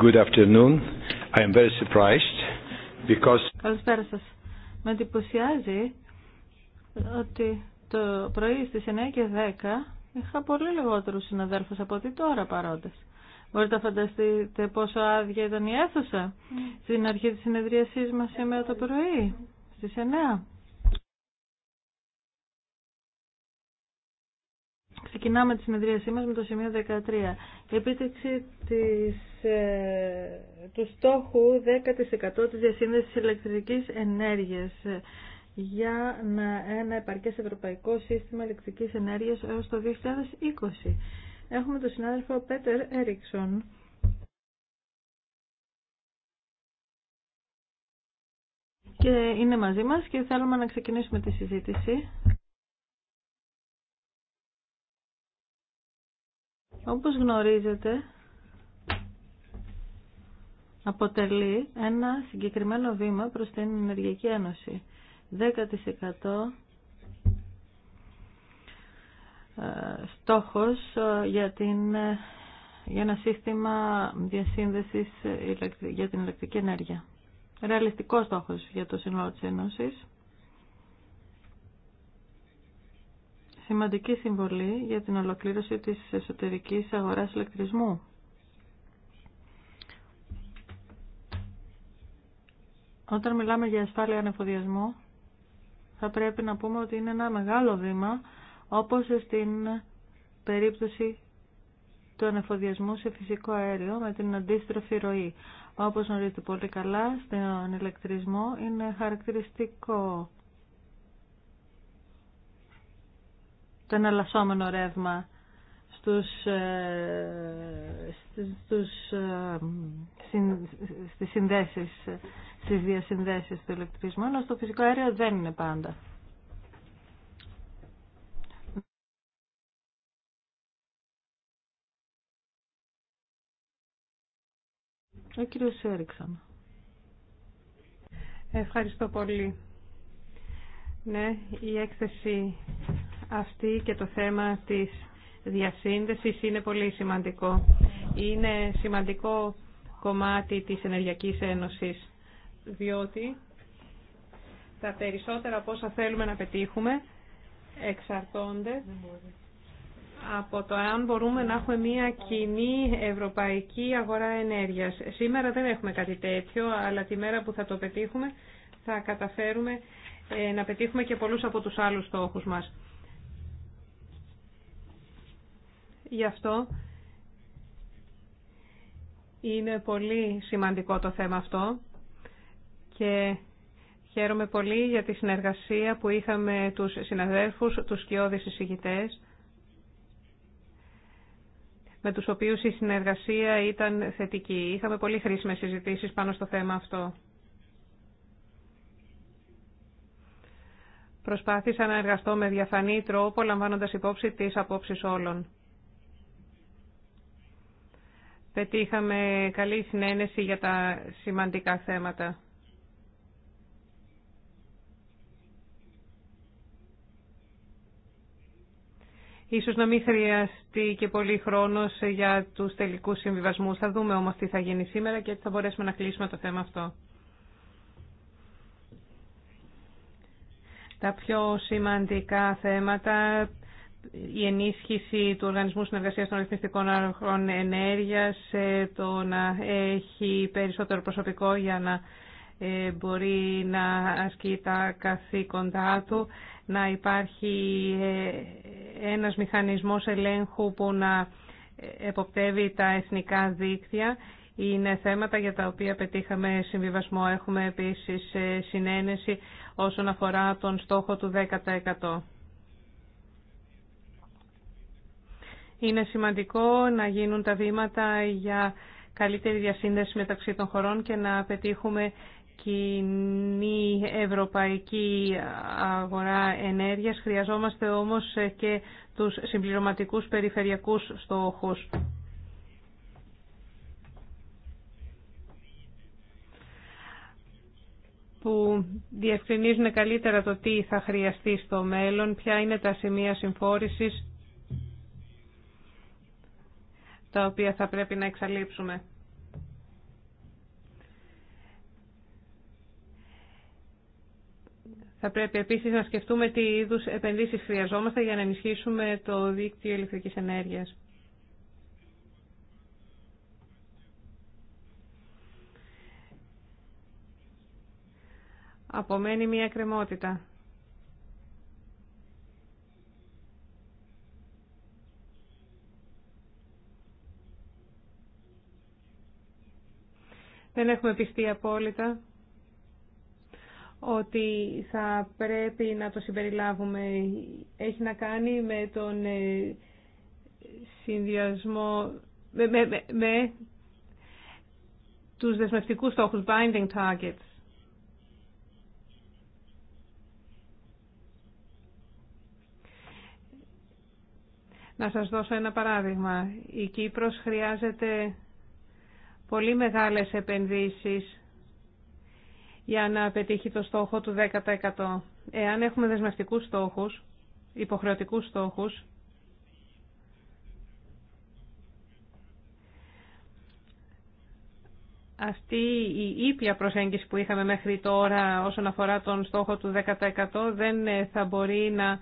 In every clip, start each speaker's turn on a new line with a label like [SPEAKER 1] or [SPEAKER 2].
[SPEAKER 1] Good afternoon. I am very surprised because... Καλησπέρα σας. Με εντυπωσιάζει ότι το πρωί στις 9 και 10 είχα πολύ λιγότερου συναδέλφους από ότι τώρα παρόντες. Μπορείτε να φανταστείτε πόσο άδεια ήταν η αίθουσα mm. στην αρχή της συνεδρίασής μας σήμερα το πρωί στις 9. Ξεκινάμε τη συνεδρίασή μας με το σημείο 13. Η επίτευξη της, ε, του στόχου 10% της διασύνδεσης ηλεκτρικής ενέργειας ε, για να, ένα επαρκές ευρωπαϊκό σύστημα ηλεκτρικής ενέργειας έως το 2020. Έχουμε τον συνάδελφο Πέτερ Έριξον. Και είναι μαζί μας και θέλουμε να ξεκινήσουμε τη συζήτηση. όπως γνωρίζετε, αποτελεί ένα συγκεκριμένο βήμα προς την Ενεργειακή Ένωση. 10% ε, στόχος ε, για, την, ε, για ένα σύστημα διασύνδεσης για την ηλεκτρική ενέργεια. Ρεαλιστικό στόχος για το σύνολο της Ένωσης. σημαντική συμβολή για την ολοκλήρωση της εσωτερικής αγοράς ηλεκτρισμού. Όταν μιλάμε για ασφάλεια ανεφοδιασμού, θα πρέπει να πούμε ότι είναι ένα μεγάλο βήμα, όπως στην περίπτωση του ανεφοδιασμού σε φυσικό αέριο με την αντίστροφη ροή. Όπως γνωρίζετε πολύ καλά, στον ηλεκτρισμό είναι χαρακτηριστικό το εναλλασσόμενο ρεύμα στους, ε, στους, ε, στις συνδέσεις, στις διασυνδέσεις του ηλεκτρισμού, ενώ στο φυσικό αέριο δεν είναι πάντα. Ο κύριος Έριξαν. Ευχαριστώ πολύ. Ναι, η έκθεση αυτή και το θέμα της διασύνδεσης είναι πολύ σημαντικό. Είναι σημαντικό κομμάτι της Ενεργειακής Ένωσης, διότι τα περισσότερα από όσα θέλουμε να πετύχουμε εξαρτώνται από το αν μπορούμε να έχουμε μια κοινή ευρωπαϊκή αγορά ενέργειας. Σήμερα δεν έχουμε κάτι τέτοιο, αλλά τη μέρα που θα το πετύχουμε θα καταφέρουμε ε, να πετύχουμε και πολλούς από τους άλλους στόχους μας. Γι' αυτό είναι πολύ σημαντικό το θέμα αυτό και χαίρομαι πολύ για τη συνεργασία που είχαμε τους συναδέλφους, τους σκιώδεις εισηγητές, με τους οποίους η συνεργασία ήταν θετική. Είχαμε πολύ χρήσιμες συζητήσεις πάνω στο θέμα αυτό. Προσπάθησα να εργαστώ με διαφανή τρόπο, λαμβάνοντας υπόψη τις απόψεις όλων πετύχαμε καλή συνένεση για τα σημαντικά θέματα. Ίσως να μην χρειαστεί και πολύ χρόνος για τους τελικούς συμβιβασμούς. Θα δούμε όμως τι θα γίνει σήμερα και θα μπορέσουμε να κλείσουμε το θέμα αυτό. Τα πιο σημαντικά θέματα η ενίσχυση του Οργανισμού Συνεργασίας των Ρυθμιστικών Αρχών Ενέργειας, ε, το να έχει περισσότερο προσωπικό για να ε, μπορεί να ασκεί τα καθήκοντά του, να υπάρχει ε, ένας μηχανισμός ελέγχου που να εποπτεύει τα εθνικά δίκτυα. Είναι θέματα για τα οποία πετύχαμε συμβιβασμό. Έχουμε επίσης συνένεση όσον αφορά τον στόχο του 10%. Είναι σημαντικό να γίνουν τα βήματα για καλύτερη διασύνδεση μεταξύ των χωρών και να πετύχουμε κοινή ευρωπαϊκή αγορά ενέργειας. Χρειαζόμαστε όμως και τους συμπληρωματικούς περιφερειακούς στόχους. που διευκρινίζουν καλύτερα το τι θα χρειαστεί στο μέλλον, ποια είναι τα σημεία συμφόρησης τα οποία θα πρέπει να εξαλείψουμε. Θα πρέπει επίσης να σκεφτούμε τι είδους επενδύσεις χρειαζόμαστε για να ενισχύσουμε το δίκτυο ηλεκτρικής ενέργειας. Απομένει μια κρεμότητα. Δεν έχουμε πιστεί απόλυτα ότι θα πρέπει να το συμπεριλάβουμε. Έχει να κάνει με τον ε, συνδυασμό, με, με, με, με τους δεσμευτικούς στόχους, binding targets. Να σας δώσω ένα παράδειγμα. Η Κύπρος χρειάζεται πολύ μεγάλες επενδύσεις για να πετύχει το στόχο του 10%. Εάν έχουμε δεσμευτικούς στόχους, υποχρεωτικούς στόχους, αυτή η ήπια προσέγγιση που είχαμε μέχρι τώρα όσον αφορά τον στόχο του 10% δεν ε, θα μπορεί να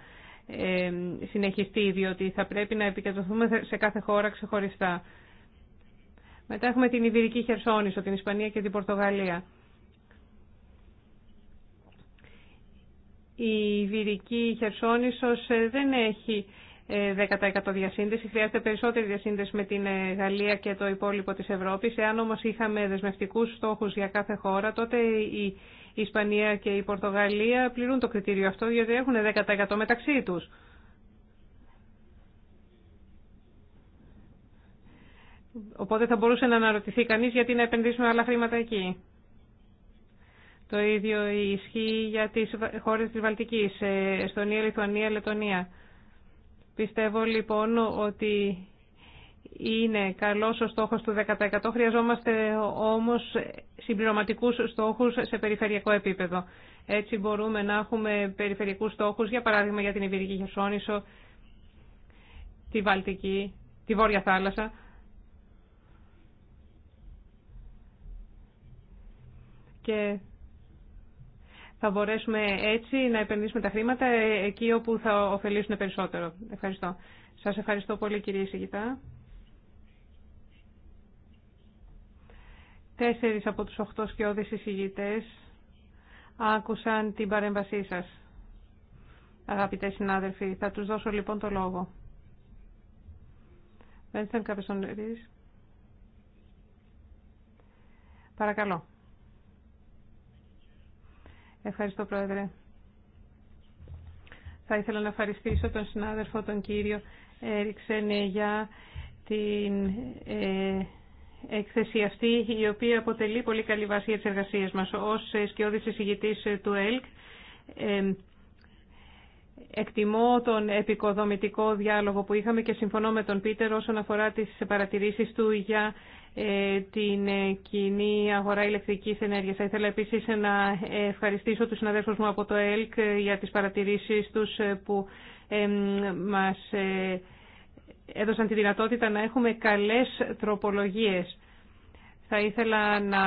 [SPEAKER 1] ε, συνεχιστεί, διότι θα πρέπει να επικεντρωθούμε σε κάθε χώρα ξεχωριστά. Μετά έχουμε την Ιβυρική Χερσόνησο, την Ισπανία και την Πορτογαλία. Η Ιβυρική Χερσόνησος ε, δεν έχει 10% ε, διασύνδεση. Χρειάζεται περισσότερη διασύνδεση με την ε, Γαλλία και το υπόλοιπο της Ευρώπης. Εάν όμως είχαμε δεσμευτικούς στόχους για κάθε χώρα, τότε η Ισπανία και η Πορτογαλία πληρούν το κριτήριο αυτό, διότι έχουν 10% μεταξύ τους. Οπότε θα μπορούσε να αναρωτηθεί κανείς γιατί να επενδύσουμε άλλα χρήματα εκεί. Το ίδιο ισχύει για τι χώρες τη βαλτική ε, Εστονία, Λιθουανία, Λετωνία. Πιστεύω λοιπόν ότι είναι καλό ο στόχος του 10%. Χρειαζόμαστε όμως συμπληρωματικού στόχους σε περιφερειακό επίπεδο. Έτσι μπορούμε να έχουμε περιφερειακούς στόχου, για παράδειγμα για την Ιβυρική Χερσόνησο, τη Βαλτική, τη Βόρεια Θάλασσα, και θα μπορέσουμε έτσι να επενδύσουμε τα χρήματα εκεί όπου θα ωφελήσουν περισσότερο. Ευχαριστώ. Σας ευχαριστώ πολύ κύριε Σιγητά. Τέσσερις από τους οχτώ σκιώδεις εισηγητές άκουσαν την παρέμβασή σας. αγαπητές συνάδελφοι, θα τους δώσω λοιπόν το λόγο. Παρακαλώ. Ευχαριστώ, Πρόεδρε. Θα ήθελα να ευχαριστήσω τον συνάδελφο, τον κύριο Έριξεν, για την ε, έκθεση αυτή, η οποία αποτελεί πολύ καλή βάση για τις εργασίες μας. Ως σκιώδης εισηγητής του ΕΛΚ, ε, εκτιμώ τον επικοδομητικό διάλογο που είχαμε και συμφωνώ με τον Πίτερ όσον αφορά τις παρατηρήσεις του για ε, την ε, κοινή αγορά ηλεκτρικής ενέργειας. Θα ήθελα επίσης να ευχαριστήσω τους συναδέλφους μου από το ΕΛΚ ε, για τις παρατηρήσεις τους που μας έδωσαν τη δυνατότητα να έχουμε καλές τροπολογίες. Θα ήθελα να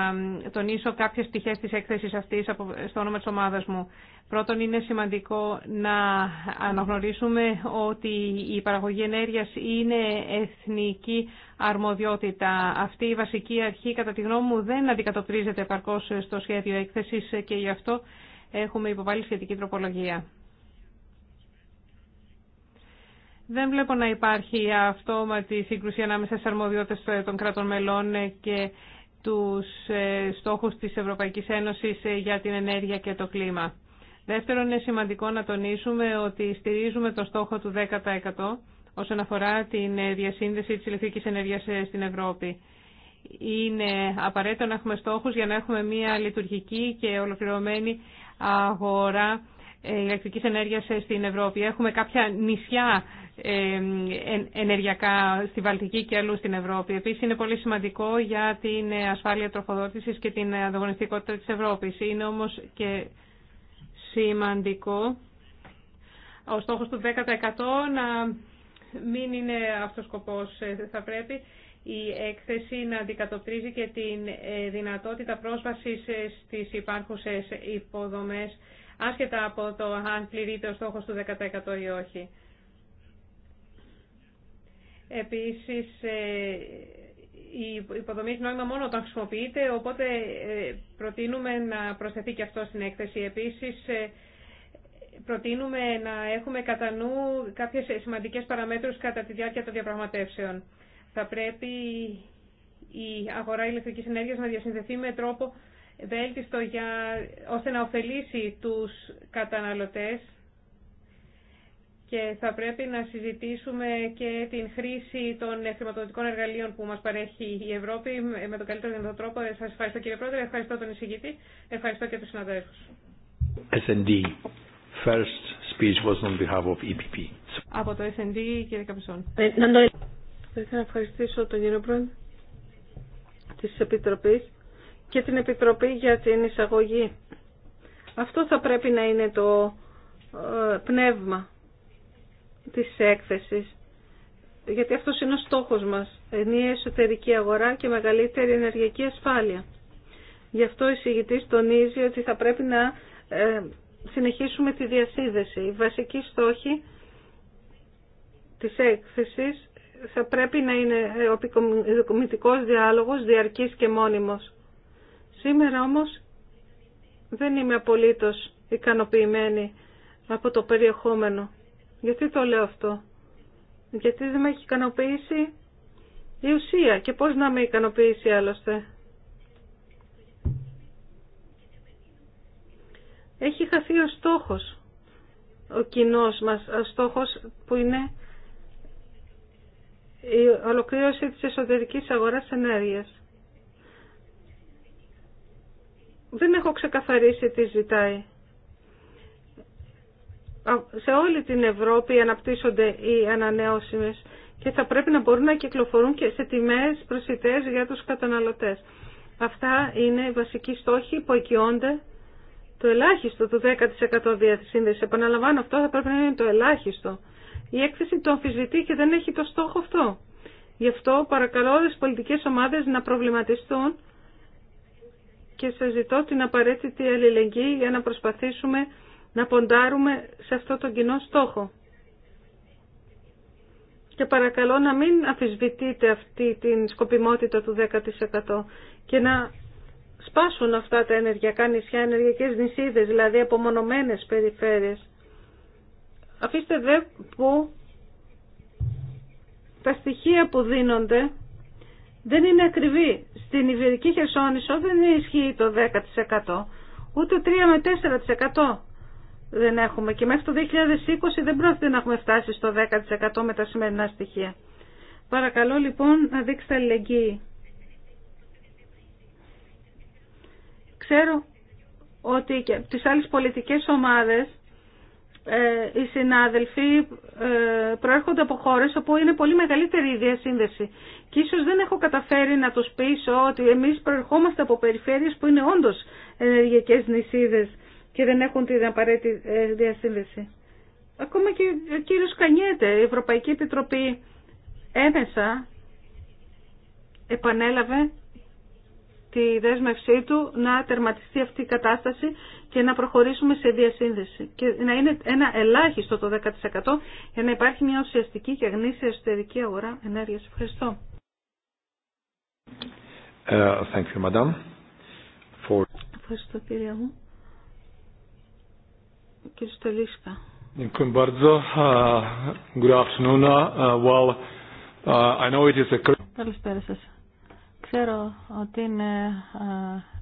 [SPEAKER 1] τονίσω κάποιες πτυχές της έκθεσης αυτής στο όνομα της ομάδας μου. Πρώτον, είναι σημαντικό να αναγνωρίσουμε ότι η παραγωγή ενέργειας είναι εθνική αρμοδιότητα. Αυτή η βασική αρχή, κατά τη γνώμη μου, δεν αντικατοπτρίζεται επαρκώς στο σχέδιο έκθεσης και γι' αυτό έχουμε υποβάλει σχετική τροπολογία. Δεν βλέπω να υπάρχει αυτόματη σύγκρουση ανάμεσα στις αρμοδιότητες των κρατών μελών και τους ε, στόχους της Ευρωπαϊκής Ένωσης ε, για την ενέργεια και το κλίμα. Δεύτερον, είναι σημαντικό να τονίσουμε ότι στηρίζουμε το στόχο του 10% όσον αφορά την ε, διασύνδεση της ηλεκτρικής ενέργειας στην Ευρώπη. Είναι απαραίτητο να έχουμε στόχους για να έχουμε μια λειτουργική και ολοκληρωμένη αγορά ηλεκτρικής ενέργειας στην Ευρώπη. Έχουμε κάποια νησιά ενεργειακά στη Βαλτική και αλλού στην Ευρώπη. Επίσης είναι πολύ σημαντικό για την ασφάλεια τροφοδότησης και την ανταγωνιστικότητα της Ευρώπης. Είναι όμως και σημαντικό ο στόχο του 10% να μην είναι αυτός ο σκοπός. Ε, θα πρέπει η έκθεση να αντικατοπτρίζει και τη ε, δυνατότητα πρόσβαση ε, στις υπάρχουσες υποδομές, άσχετα από το αν πληρείται ο στόχος του 10% ή όχι. Επίσης, ε, η υποδομή έχει νόημα μόνο όταν χρησιμοποιείται, οπότε ε, προτείνουμε να προσθεθεί και αυτό στην έκθεση. Επίσης, ε, προτείνουμε να έχουμε κατά νου κάποιες σημαντικές παραμέτρους κατά τη διάρκεια των διαπραγματεύσεων. Θα πρέπει η αγορά ηλεκτρικής ενέργειας να διασυνδεθεί με τρόπο βέλτιστο για, ώστε να ωφελήσει τους καταναλωτές και θα πρέπει να συζητήσουμε και την χρήση των χρηματοδοτικών εργαλείων που μας παρέχει η Ευρώπη με τον καλύτερο δυνατό τρόπο. Σας ευχαριστώ κύριε Πρόεδρε, ευχαριστώ τον εισηγητή, ευχαριστώ και τους συναδέλφους. E Από το S&D, κύριε Καπισόν. Ε, θα ήθελα να ευχαριστήσω τον κύριο Πρόεδρε της Επιτροπής και την Επιτροπή για την εισαγωγή. Αυτό θα πρέπει να είναι το ε, πνεύμα της έκθεσης. Γιατί αυτό είναι ο στόχος μας, ενιαία εσωτερική αγορά και μεγαλύτερη ενεργειακή ασφάλεια. Γι' αυτό η συγητής τονίζει ότι θα πρέπει να ε, συνεχίσουμε τη διασύνδεση. Η βασική στόχη της έκθεσης θα πρέπει να είναι ο επικομιτικός διάλογος διαρκής και μόνιμος. Σήμερα όμως δεν είμαι απολύτως ικανοποιημένη από το περιεχόμενο γιατί το λέω αυτό. Γιατί δεν με έχει ικανοποιήσει η ουσία και πώς να με ικανοποιήσει άλλωστε. Έχει χαθεί ο στόχος, ο κοινός μας, ο στόχος που είναι η ολοκλήρωση της εσωτερικής αγοράς ενέργειας. Δεν έχω ξεκαθαρίσει τι ζητάει σε όλη την Ευρώπη αναπτύσσονται οι ανανεώσιμες και θα πρέπει να μπορούν να κυκλοφορούν και σε τιμές προσιτές για τους καταναλωτές. Αυτά είναι οι βασικοί στόχοι που οικειώνται το ελάχιστο του 10% διασύνδεση. Επαναλαμβάνω αυτό θα πρέπει να είναι το ελάχιστο. Η έκθεση το αμφισβητεί και δεν έχει το στόχο αυτό. Γι' αυτό παρακαλώ όλες τις πολιτικές ομάδες να προβληματιστούν και σας ζητώ την απαραίτητη αλληλεγγύη για να προσπαθήσουμε να ποντάρουμε σε αυτό τον κοινό στόχο. Και παρακαλώ να μην αφισβητείτε αυτή την σκοπιμότητα του 10% και να σπάσουν αυτά τα ενεργειακά νησιά, ενεργειακές νησίδες, δηλαδή απομονωμένες περιφέρειες. Αφήστε δε που τα στοιχεία που δίνονται δεν είναι ακριβή. Στην Ιβερική Χερσόνησο δεν ισχύει το 10%, ούτε 3 με 4% δεν έχουμε και μέχρι το 2020 δεν πρόκειται να έχουμε φτάσει στο 10% με τα σημερινά στοιχεία. Παρακαλώ λοιπόν να δείξετε αλληλεγγύη. Ξέρω ότι και από τις άλλες πολιτικές ομάδες ε, οι συνάδελφοι ε, προέρχονται από χώρες όπου είναι πολύ μεγαλύτερη η διασύνδεση και ίσως δεν έχω καταφέρει να τους πείσω ότι εμείς προερχόμαστε από περιφέρειες που είναι όντως ενεργειακές νησίδες και δεν έχουν την απαραίτητη ε, διασύνδεση. Ακόμα και ο κύριος Κανιέτε, η Ευρωπαϊκή Επιτροπή έμεσα επανέλαβε τη δέσμευσή του να τερματιστεί αυτή η κατάσταση και να προχωρήσουμε σε διασύνδεση. Και να είναι ένα ελάχιστο το 10% για να υπάρχει μια ουσιαστική και γνήσια εσωτερική αγορά ενέργειας. Ευχαριστώ. Ε, thank you, Ευχαριστώ, κύριε μου. Κύριε Στελίσκα. Καλησπέρα σας. Ξέρω ότι είναι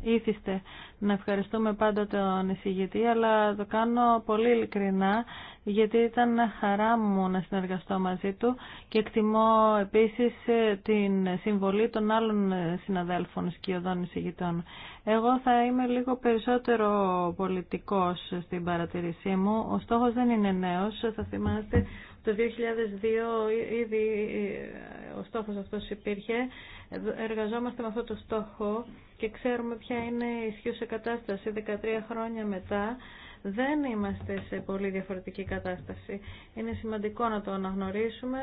[SPEAKER 1] ήθιστε να ευχαριστούμε πάντα τον εισηγητή, αλλά το κάνω πολύ ειλικρινά, γιατί ήταν χαρά μου να συνεργαστώ μαζί του και εκτιμώ επίσης ε, την συμβολή των άλλων συναδέλφων σκιωδών εισηγητών. Εγώ θα είμαι λίγο περισσότερο πολιτικός στην παρατηρήσή μου. Ο στόχος δεν είναι νέος, θα θυμάστε το 2002 ήδη ο στόχος αυτός υπήρχε. Εργαζόμαστε με αυτό το στόχο και ξέρουμε ποια είναι η ισχύουσα κατάσταση 13 χρόνια μετά δεν είμαστε σε πολύ διαφορετική κατάσταση. Είναι σημαντικό να το αναγνωρίσουμε,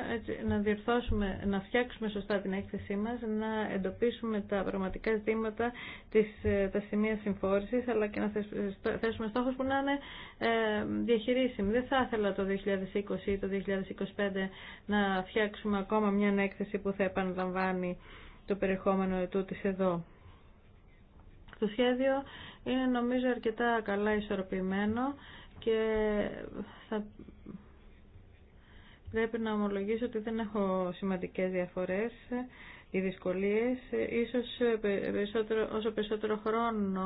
[SPEAKER 1] να διορθώσουμε, να φτιάξουμε σωστά την έκθεσή μας, να εντοπίσουμε τα πραγματικά ζητήματα, της ε, τα σημεία συμφόρησης, αλλά και να ε, θέσουμε στόχους που να είναι ε, διαχειρίσιμοι. Δεν θα ήθελα το 2020 ή το 2025 να φτιάξουμε ακόμα μια έκθεση που θα επαναλαμβάνει το περιεχόμενο ετούτης εδώ. Το σχέδιο είναι νομίζω αρκετά καλά ισορροπημένο και θα πρέπει να ομολογήσω ότι δεν έχω σημαντικές διαφορές ή δυσκολίες ίσως περισσότερο, όσο περισσότερο χρόνο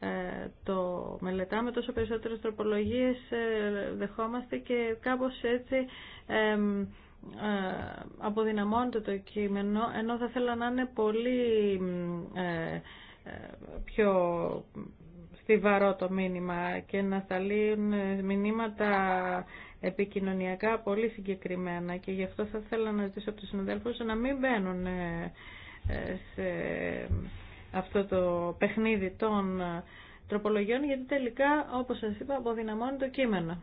[SPEAKER 1] ε, το μελετάμε τόσο περισσότερες τροπολογίες ε, δεχόμαστε και κάπως έτσι ε, αποδυναμώνεται το κείμενο ενώ θα θέλα να είναι πολύ πιο στιβαρό το μήνυμα και να σταλεί μηνύματα επικοινωνιακά πολύ συγκεκριμένα και γι' αυτό θα ήθελα να ζητήσω από τους συναδέλφους να μην μπαίνουν ε, σε αυτό το παιχνίδι των τροπολογιών γιατί τελικά όπως σας είπα αποδυναμώνει το κείμενο.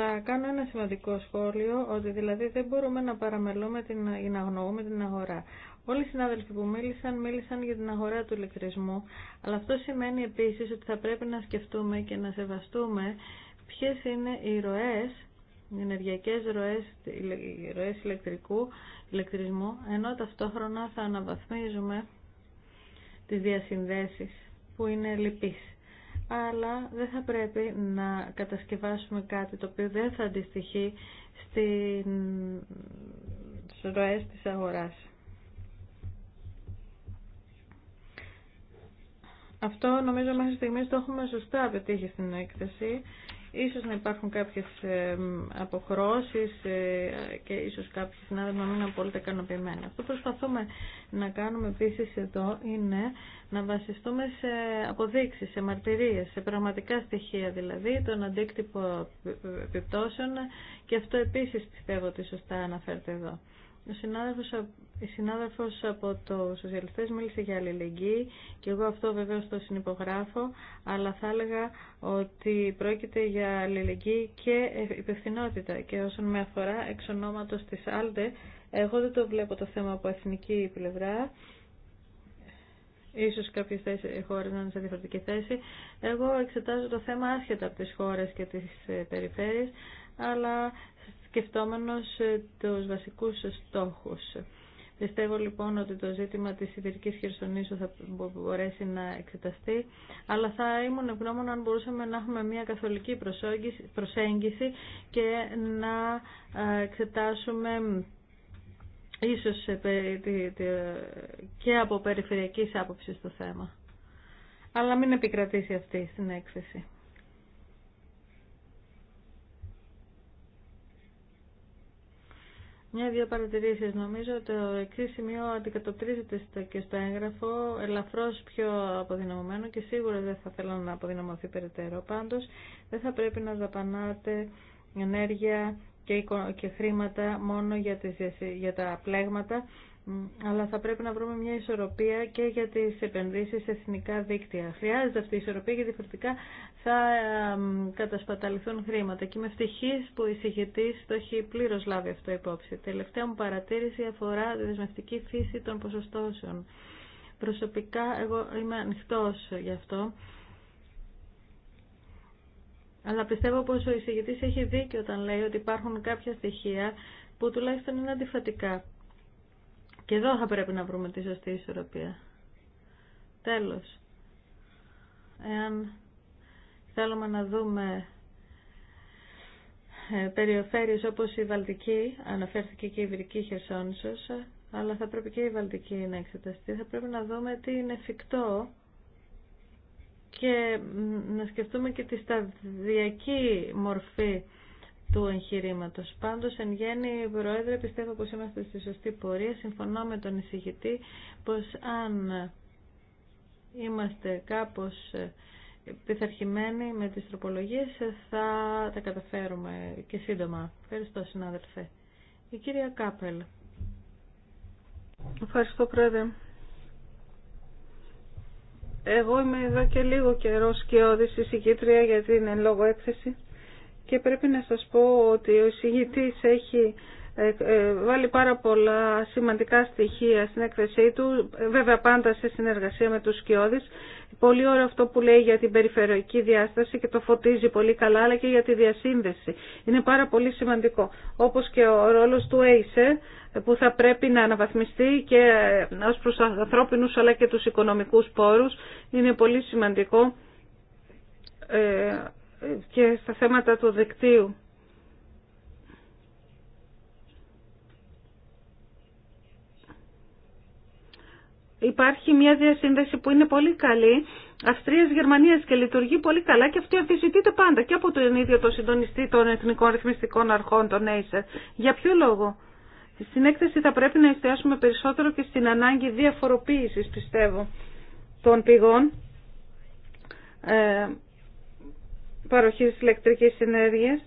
[SPEAKER 1] Θα κάνω ένα σημαντικό σχόλιο, ότι δηλαδή δεν μπορούμε να παραμελούμε την, να αγνοούμε την αγορά. Όλοι οι συνάδελφοι που μίλησαν, μίλησαν για την αγορά του ηλεκτρισμού, αλλά αυτό σημαίνει επίσης ότι θα πρέπει να σκεφτούμε και να σεβαστούμε ποιες είναι οι ροές, οι ενεργειακές ροές, οι ροές ηλεκτρικού, ηλεκτρισμού, ενώ ταυτόχρονα θα αναβαθμίζουμε τις διασυνδέσεις που είναι λυπήσεις αλλά δεν θα πρέπει να κατασκευάσουμε κάτι το οποίο δεν θα αντιστοιχεί στις ροές της αγοράς. Αυτό νομίζω μέχρι στιγμή το έχουμε σωστά πετύχει στην έκθεση. Ίσως να υπάρχουν κάποιες αποχρώσεις ε, και ίσως κάποιοι συνάδελφοι να μην είναι πολύ ικανοποιημένοι. Αυτό που προσπαθούμε να κάνουμε επίσης εδώ είναι να βασιστούμε σε αποδείξεις, σε μαρτυρίες, σε πραγματικά στοιχεία δηλαδή, τον αντίκτυπο επιπτώσεων και αυτό επίσης πιστεύω ότι σωστά αναφέρεται εδώ. Ο συνάδελφος, από το Σοσιαλιστές μίλησε για αλληλεγγύη και εγώ αυτό βεβαίως το συνυπογράφω, αλλά θα έλεγα ότι πρόκειται για αλληλεγγύη και υπευθυνότητα και όσον με αφορά εξ ονόματος της Άλτε, εγώ δεν το βλέπω το θέμα από εθνική πλευρά, ίσως κάποιες χώρες να είναι σε διαφορετική θέση. Εγώ εξετάζω το θέμα άσχετα από τις χώρες και τις ε, περιφέρειες, αλλά σκεφτόμενος ε, τους βασικούς στόχους. Πιστεύω λοιπόν ότι το ζήτημα της Ιβυρικής Χερσονήσου θα μπορέσει να εξεταστεί, αλλά θα ήμουν ευγνώμων αν μπορούσαμε να έχουμε μια καθολική προσέγγιση και να ε, εξετάσουμε ίσως ε, και από περιφερειακή άποψης το θέμα. Αλλά μην επικρατήσει αυτή στην έκθεση. Μια-δύο παρατηρήσεις. Νομίζω ότι το εξή σημείο αντικατοπτρίζεται και στο έγγραφο, ελαφρώς πιο αποδυναμωμένο και σίγουρα δεν θα θέλω να αποδυναμωθεί περαιτέρω. Πάντως, δεν θα πρέπει να δαπανάτε ενέργεια και χρήματα μόνο για, τις, για τα πλέγματα αλλά θα πρέπει να βρούμε μια ισορροπία και για τις επενδύσεις σε εθνικά δίκτυα. Χρειάζεται αυτή η ισορροπία γιατί διαφορετικά θα κατασπαταληθούν χρήματα και είμαι ευτυχή που η εισηγητή το έχει πλήρω λάβει αυτό υπόψη. Τελευταία μου παρατήρηση αφορά τη δεσμευτική φύση των ποσοστώσεων. Προσωπικά εγώ είμαι ανοιχτό γι' αυτό. Αλλά πιστεύω πως ο εισηγητής έχει δίκιο όταν λέει ότι υπάρχουν κάποια στοιχεία που τουλάχιστον είναι αντιφατικά και εδώ θα πρέπει να βρούμε τη σωστή ισορροπία. Τέλος, εάν θέλουμε να δούμε ε, περιοφέρειες όπως η Βαλτική, αναφέρθηκε και η Βυρική Χερσόνησος, αλλά θα πρέπει και η Βαλτική να εξεταστεί. Θα πρέπει να δούμε τι είναι εφικτό και να σκεφτούμε και τη σταδιακή μορφή του εγχειρήματο. Πάντως, εν γέννη, Πρόεδρε, πιστεύω πώ είμαστε στη σωστή πορεία. Συμφωνώ με τον εισηγητή πω αν είμαστε κάπω ε, πειθαρχημένοι με τι τροπολογίε ε, θα τα καταφέρουμε και σύντομα. Ευχαριστώ, συνάδελφε. Η κυρία Κάπελ. Ευχαριστώ, Πρόεδρε. Εγώ είμαι εδώ και λίγο καιρό και εισηγήτρια για την εν λόγω έκθεση και πρέπει να σας πω ότι ο εισηγητής έχει ε, ε, βάλει πάρα πολλά σημαντικά στοιχεία στην έκθεσή του, βέβαια πάντα σε συνεργασία με τους σκιώδεις. Πολύ ωραίο αυτό που λέει για την περιφερειακή διάσταση και το φωτίζει πολύ καλά, αλλά και για τη διασύνδεση. Είναι πάρα πολύ σημαντικό. Όπως και ο ρόλος του ΕΙΣΕ, που θα πρέπει να αναβαθμιστεί και ε, ως προς ανθρώπινους αλλά και τους οικονομικούς πόρους, είναι πολύ σημαντικό και στα θέματα του δικτύου. Υπάρχει μια διασύνδεση που είναι πολύ καλή Αυστρίας, Γερμανίας και λειτουργεί πολύ καλά και αυτή αμφισβητείται πάντα και από τον ίδιο τον συντονιστή των Εθνικών Ρυθμιστικών Αρχών, τον Acer. Για ποιο λόγο. Στην έκθεση θα πρέπει να εστιάσουμε περισσότερο και στην ανάγκη διαφοροποίησης, πιστεύω, των πηγών ε, παροχής ηλεκτρικής ενέργειας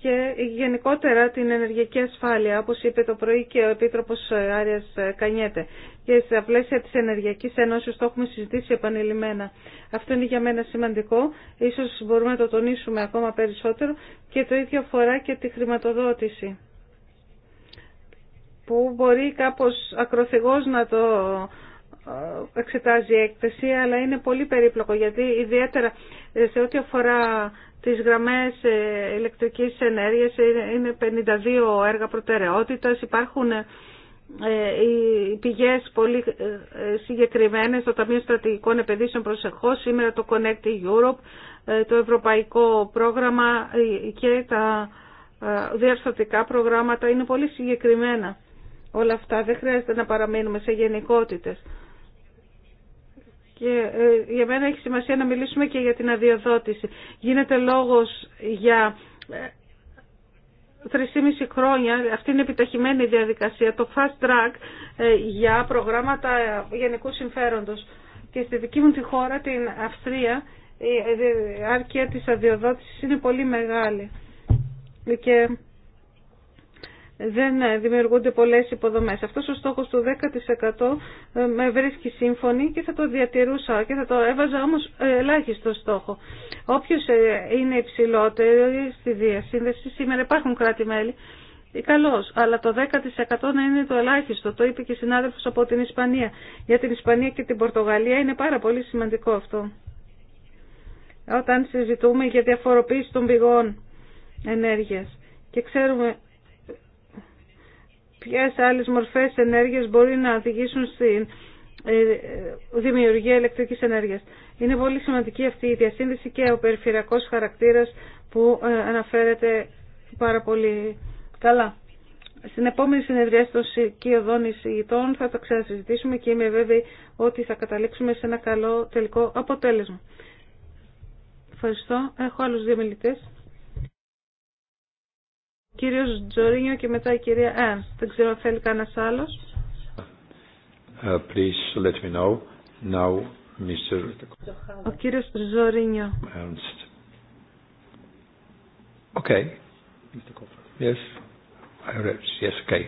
[SPEAKER 1] και γενικότερα την ενεργειακή ασφάλεια, όπως είπε το πρωί και ο Επίτροπος Άριας Κανιέτε. Και στα πλαίσια της Ενεργειακής Ένωσης το έχουμε συζητήσει επανειλημμένα. Αυτό είναι για μένα σημαντικό, ίσως μπορούμε να το τονίσουμε ακόμα περισσότερο και το ίδιο αφορά και τη χρηματοδότηση που μπορεί κάπως ακροθυγός να το ε, εξετάζει η έκθεση, αλλά είναι πολύ περίπλοκο γιατί ιδιαίτερα ε, σε ό,τι αφορά τις γραμμές ε, ηλεκτρικής ενέργειας είναι 52 έργα προτεραιότητας, υπάρχουν οι πηγές πολύ συγκεκριμένες, στο Ταμείο Στρατηγικών Επενδύσεων προσεχώς, σήμερα το Connect Europe, το Ευρωπαϊκό Πρόγραμμα και τα διαρθρωτικά προγράμματα είναι πολύ συγκεκριμένα. Όλα αυτά δεν χρειάζεται να παραμείνουμε σε γενικότητες. Και ε, για μένα έχει σημασία να μιλήσουμε και για την αδειοδότηση. Γίνεται λόγος για 3,5 ε, χρόνια, αυτή είναι η επιταχυμένη διαδικασία, το fast track ε, για προγράμματα γενικού συμφέροντος. Και στη δική μου τη χώρα, την Αυστρία, η αρκεία της αδειοδότησης είναι πολύ μεγάλη. Και δεν δημιουργούνται πολλές υποδομές. Αυτός ο στόχος του 10% ε, με βρίσκει σύμφωνη και θα το διατηρούσα και θα το έβαζα όμως ε, ελάχιστο στόχο. Όποιος ε, είναι υψηλότερο στη διασύνδεση, σήμερα υπάρχουν κράτη-μέλη, Καλώ, αλλά το 10% να είναι το ελάχιστο. Το είπε και συνάδελφο από την Ισπανία. Για την Ισπανία και την Πορτογαλία είναι πάρα πολύ σημαντικό αυτό. Όταν συζητούμε για διαφοροποίηση των πηγών ενέργειας. Και ξέρουμε ποιες άλλες μορφές ενέργειας μπορεί να οδηγήσουν στην ε, δημιουργία ηλεκτρικής ενέργειας. Είναι πολύ σημαντική αυτή η διασύνδεση και ο περιφερειακός χαρακτήρας που ε, αναφέρεται πάρα πολύ καλά. Στην επόμενη συνεδρία των οικειοδών εισηγητών θα τα ξανασυζητήσουμε και είμαι βέβαιη ότι θα καταλήξουμε σε ένα καλό τελικό αποτέλεσμα. Ευχαριστώ. Έχω άλλους δύο μιλητές κύριος Τζορίνιο και μετά η κυρία Ένς. Δεν ξέρω αν θέλει κανένας άλλος. Uh, please let me know. Now, Ο κύριος Τζορίνιο. Okay. Yes. Yes, okay.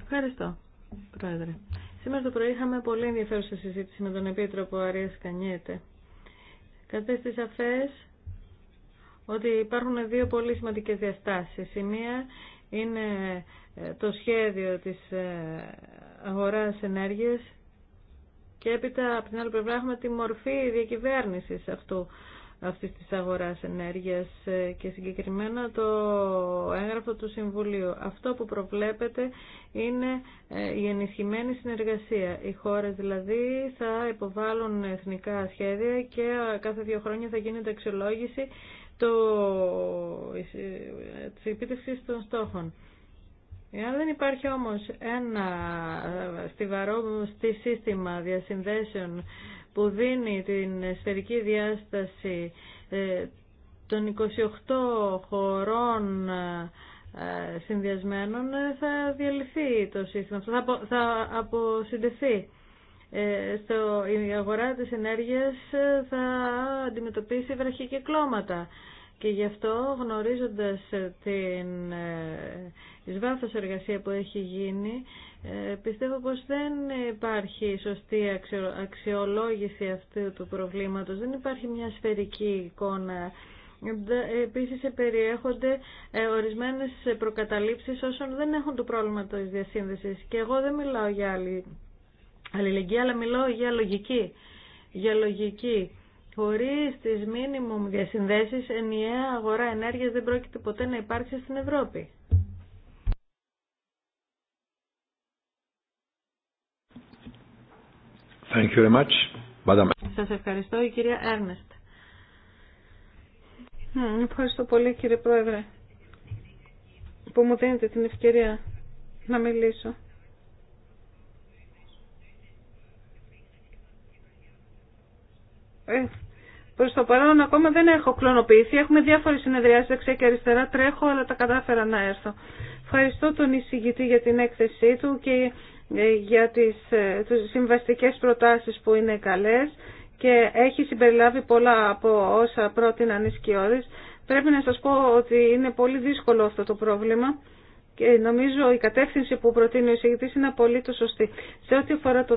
[SPEAKER 1] Ευχαριστώ, Πρόεδρε. Σήμερα το πρωί είχαμε πολύ ενδιαφέρουσα συζήτηση με τον Επίτροπο Αρίας Κανιέτε. Κατέστη αφές ότι υπάρχουν δύο πολύ σημαντικές διαστάσεις. Η μία είναι ε, το σχέδιο της ε, αγοράς ενέργειας και έπειτα από την άλλη πλευρά έχουμε τη μορφή διακυβέρνησης αυτού αυτής της αγοράς ενέργειας ε, και συγκεκριμένα το έγγραφο του Συμβουλίου. Αυτό που προβλέπεται είναι η ενισχυμένη συνεργασία. Οι χώρες δηλαδή θα υποβάλουν εθνικά σχέδια και κάθε δύο χρόνια θα γίνεται αξιολόγηση το, της επίτευξης των στόχων. Εάν δεν υπάρχει όμως ένα ε, στιβαρό στη σύστημα διασυνδέσεων που δίνει την σφαιρική διάσταση ε, των 28 χωρών ε, συνδυασμένων θα διαλυθεί το σύστημα θα, θα αποσυντεθεί. Ε, στο, η αγορά της ενέργειας ε, θα αντιμετωπίσει βραχικυκλώματα και γι' αυτό γνωρίζοντας ε, την ε, εργασία που έχει γίνει πιστεύω πως δεν υπάρχει σωστή αξιολόγηση αυτού του προβλήματος δεν υπάρχει μια σφαιρική εικόνα Επίσης περιέχονται ορισμένες προκαταλήψεις όσων δεν έχουν το πρόβλημα της διασύνδεσης και εγώ δεν μιλάω για άλλη αλληλεγγύη, αλλά μιλώ για λογική. Για λογική. Χωρί τι μίνιμουμ διασυνδέσει, ενιαία αγορά ενέργεια δεν πρόκειται ποτέ να υπάρξει στην Ευρώπη. Thank Σας ευχαριστώ, η κυρία Έρνεστ. Ευχαριστώ πολύ, κύριε Πρόεδρε, που μου δίνετε την ευκαιρία να μιλήσω. Ε, Προ το παρόν ακόμα δεν έχω κλωνοποιηθεί. Έχουμε διάφορε συνεδριάσει δεξιά και αριστερά. Τρέχω, αλλά τα κατάφερα να έρθω. Ευχαριστώ τον εισηγητή για την έκθεσή του και ε, για τις, ε, τις συμβαστικές προτάσεις που είναι καλές και έχει συμπεριλάβει πολλά από όσα πρότειναν οι σκιώδεις. Πρέπει να σας πω ότι είναι πολύ δύσκολο αυτό το πρόβλημα και νομίζω η κατεύθυνση που προτείνει ο εισηγητή είναι απολύτω σωστή. Σε ό,τι αφορά το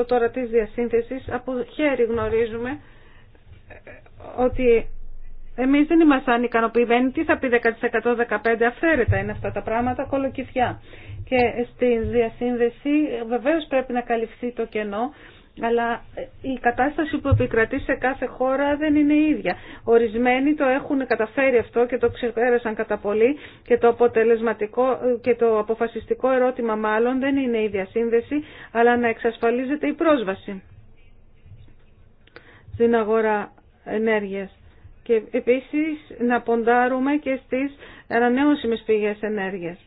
[SPEAKER 1] 10% τώρα τη διασύνθεση, από χέρι γνωρίζουμε ε, ότι εμεί δεν ήμασταν ικανοποιημένοι. Τι θα πει 10% 15% αυθαίρετα είναι αυτά τα πράγματα, κολοκυθιά. Και στη διασύνδεση βεβαίω πρέπει να καλυφθεί το κενό αλλά η κατάσταση που επικρατεί σε κάθε χώρα δεν είναι η ίδια. Ορισμένοι το έχουν καταφέρει αυτό και το ξεπέρασαν κατά πολύ και το αποτελεσματικό και το αποφασιστικό ερώτημα μάλλον δεν είναι η διασύνδεση αλλά να εξασφαλίζεται η πρόσβαση στην αγορά ενέργειας. Και επίσης να ποντάρουμε και στις ανανεώσιμες πηγές ενέργειας.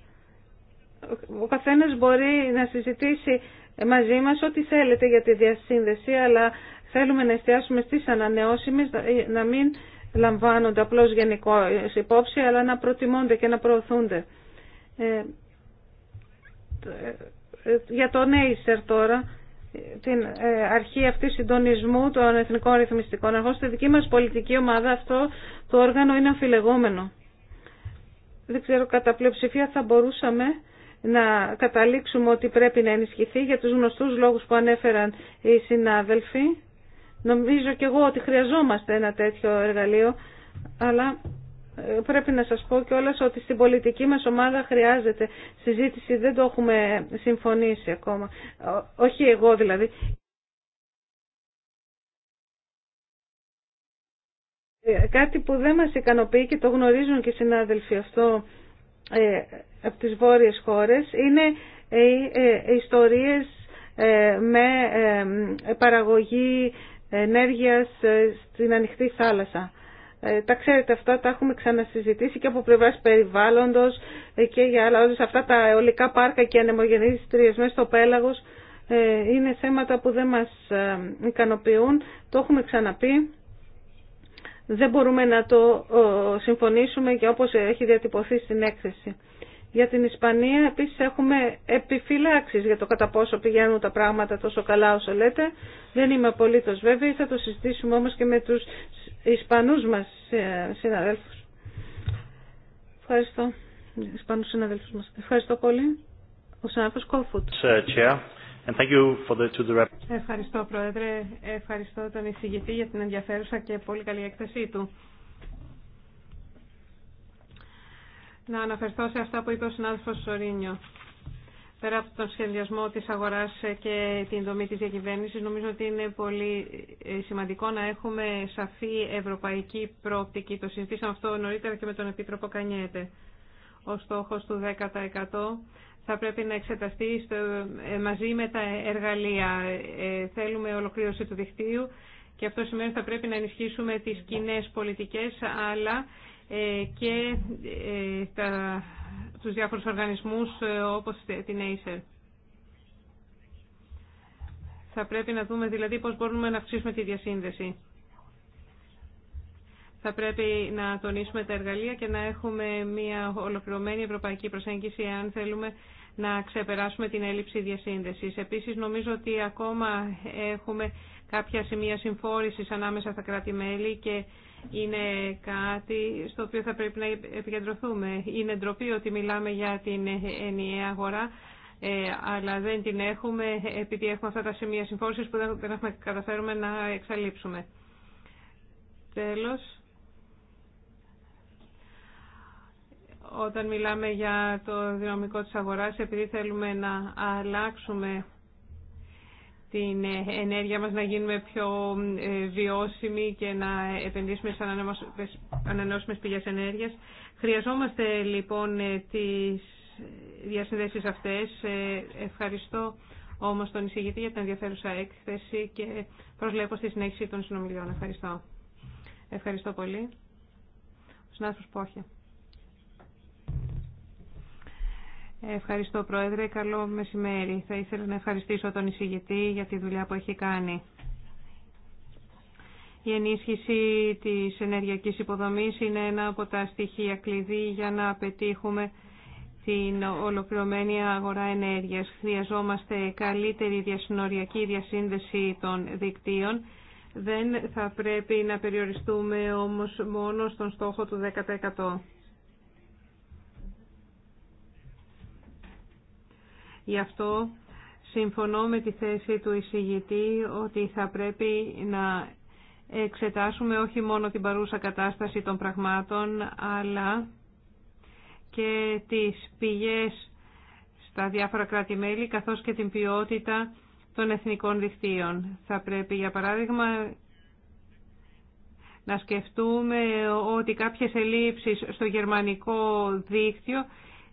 [SPEAKER 1] Ο καθένας μπορεί να συζητήσει ε, μαζί μας ό,τι θέλετε για τη διασύνδεση, αλλά θέλουμε να εστιάσουμε στις ανανεώσιμες, να μην λαμβάνονται απλώς γενικό υπόψη, αλλά να προτιμούνται και να προωθούνται. Ε, ε, για το Acer τώρα, την αρχή αυτή συντονισμού των εθνικών ρυθμιστικών αρχών, στη δική μας πολιτική ομάδα αυτό το όργανο είναι αμφιλεγόμενο. Δεν ξέρω, κατά πλειοψηφία θα μπορούσαμε να καταλήξουμε ότι πρέπει να ενισχυθεί για τους γνωστούς λόγους που ανέφεραν οι συνάδελφοι. Νομίζω και εγώ ότι χρειαζόμαστε ένα τέτοιο εργαλείο, αλλά ε, πρέπει να σας πω κιόλα ότι στην πολιτική μας ομάδα χρειάζεται συζήτηση, δεν το έχουμε συμφωνήσει ακόμα. Όχι εγώ δηλαδή. Ε, κάτι που δεν μας ικανοποιεί και το γνωρίζουν και οι συνάδελφοι αυτό ε, από τις βόρειες χώρες είναι οι ε, ιστορίες ε, με ε, παραγωγή ενέργειας στην ανοιχτή θάλασσα. Τα ξέρετε αυτά, τα έχουμε ξανασυζητήσει και από πλευράς περιβάλλοντος και για άλλα όλες αυτά τα αιωλικά πάρκα και ανεμογενείς μέσα στο πέλαγος είναι θέματα που δεν μας ικανοποιούν. Το έχουμε ξαναπεί. Δεν μπορούμε να το συμφωνήσουμε και όπως έχει διατυπωθεί στην έκθεση. Για την Ισπανία επίσης έχουμε επιφυλάξεις για το κατά πόσο πηγαίνουν τα πράγματα τόσο καλά όσο λέτε. Δεν είμαι απολύτως βέβαιη, θα το συζητήσουμε όμως και με τους Ισπανούς μας ε, συναδέλφους. Ευχαριστώ. Ισπανούς συναδέλφους μας. Ευχαριστώ πολύ. Ο συνάδελφος Κόφουτ. Ευχαριστώ Πρόεδρε, ευχαριστώ τον εισηγητή για την ενδιαφέρουσα και πολύ καλή έκθεσή του. να αναφερθώ σε αυτά που είπε ο συνάδελφος Σωρίνιο. Πέρα από τον σχεδιασμό της αγοράς και την δομή της διακυβέρνησης, νομίζω ότι είναι πολύ ε, σημαντικό να έχουμε σαφή ευρωπαϊκή πρόπτικη. Το συζητήσαμε αυτό νωρίτερα και με τον Επίτροπο Κανιέτε. Ο στόχος του 10% θα πρέπει να εξεταστεί ε, μαζί με τα εργαλεία. Ε, θέλουμε ολοκλήρωση του δικτύου και αυτό σημαίνει ότι θα πρέπει να ενισχύσουμε τις κοινέ πολιτικές, αλλά ε, και ε, τα, τους διάφορους οργανισμούς ε, όπως την Acer. Θα πρέπει να δούμε δηλαδή πώς μπορούμε να αυξήσουμε τη διασύνδεση. Θα πρέπει να τονίσουμε τα εργαλεία και να έχουμε μια ολοκληρωμένη ευρωπαϊκή προσέγγιση αν θέλουμε να ξεπεράσουμε την έλλειψη διασύνδεσης. Επίσης νομίζω ότι ακόμα έχουμε κάποια σημεία συμφόρησης ανάμεσα στα κράτη-μέλη και είναι κάτι στο οποίο θα πρέπει να επικεντρωθούμε. Είναι ντροπή ότι μιλάμε για την ενιαία αγορά, ε, αλλά δεν την έχουμε επειδή έχουμε αυτά τα σημεία συμφόρησης που δεν έχουμε καταφέρουμε να εξαλείψουμε. Τέλος. Όταν μιλάμε για το δυναμικό της αγοράς, επειδή θέλουμε να αλλάξουμε την ε, ενέργεια μας να γίνουμε πιο ε, βιώσιμοι και να επενδύσουμε σε ανανεώσιμες πηγές ενέργειας. Χρειαζόμαστε λοιπόν ε, τις διασυνδέσεις αυτές. Ευχαριστώ όμως τον εισηγητή για την ενδιαφέρουσα έκθεση και προσλέπω στη συνέχιση των συνομιλιών. Ευχαριστώ. Ευχαριστώ πολύ. Ο συνάδελφος Ευχαριστώ Πρόεδρε, καλό μεσημέρι. Θα ήθελα να ευχαριστήσω τον εισηγητή για τη δουλειά που έχει κάνει. Η ενίσχυση της ενεργειακής υποδομής είναι ένα από τα στοιχεία κλειδί για να πετύχουμε την ολοκληρωμένη αγορά ενέργειας. Χρειαζόμαστε καλύτερη διασυνοριακή διασύνδεση των δικτύων. Δεν θα πρέπει να περιοριστούμε όμως μόνο στον στόχο του 10%. Γι' αυτό συμφωνώ με τη θέση του εισηγητή ότι θα πρέπει να εξετάσουμε όχι μόνο την παρούσα κατάσταση των πραγμάτων, αλλά και τις πηγές στα διάφορα κράτη-μέλη, καθώς και την ποιότητα των εθνικών δικτύων. Θα πρέπει, για παράδειγμα, να σκεφτούμε ότι κάποιες ελλείψεις στο γερμανικό δίκτυο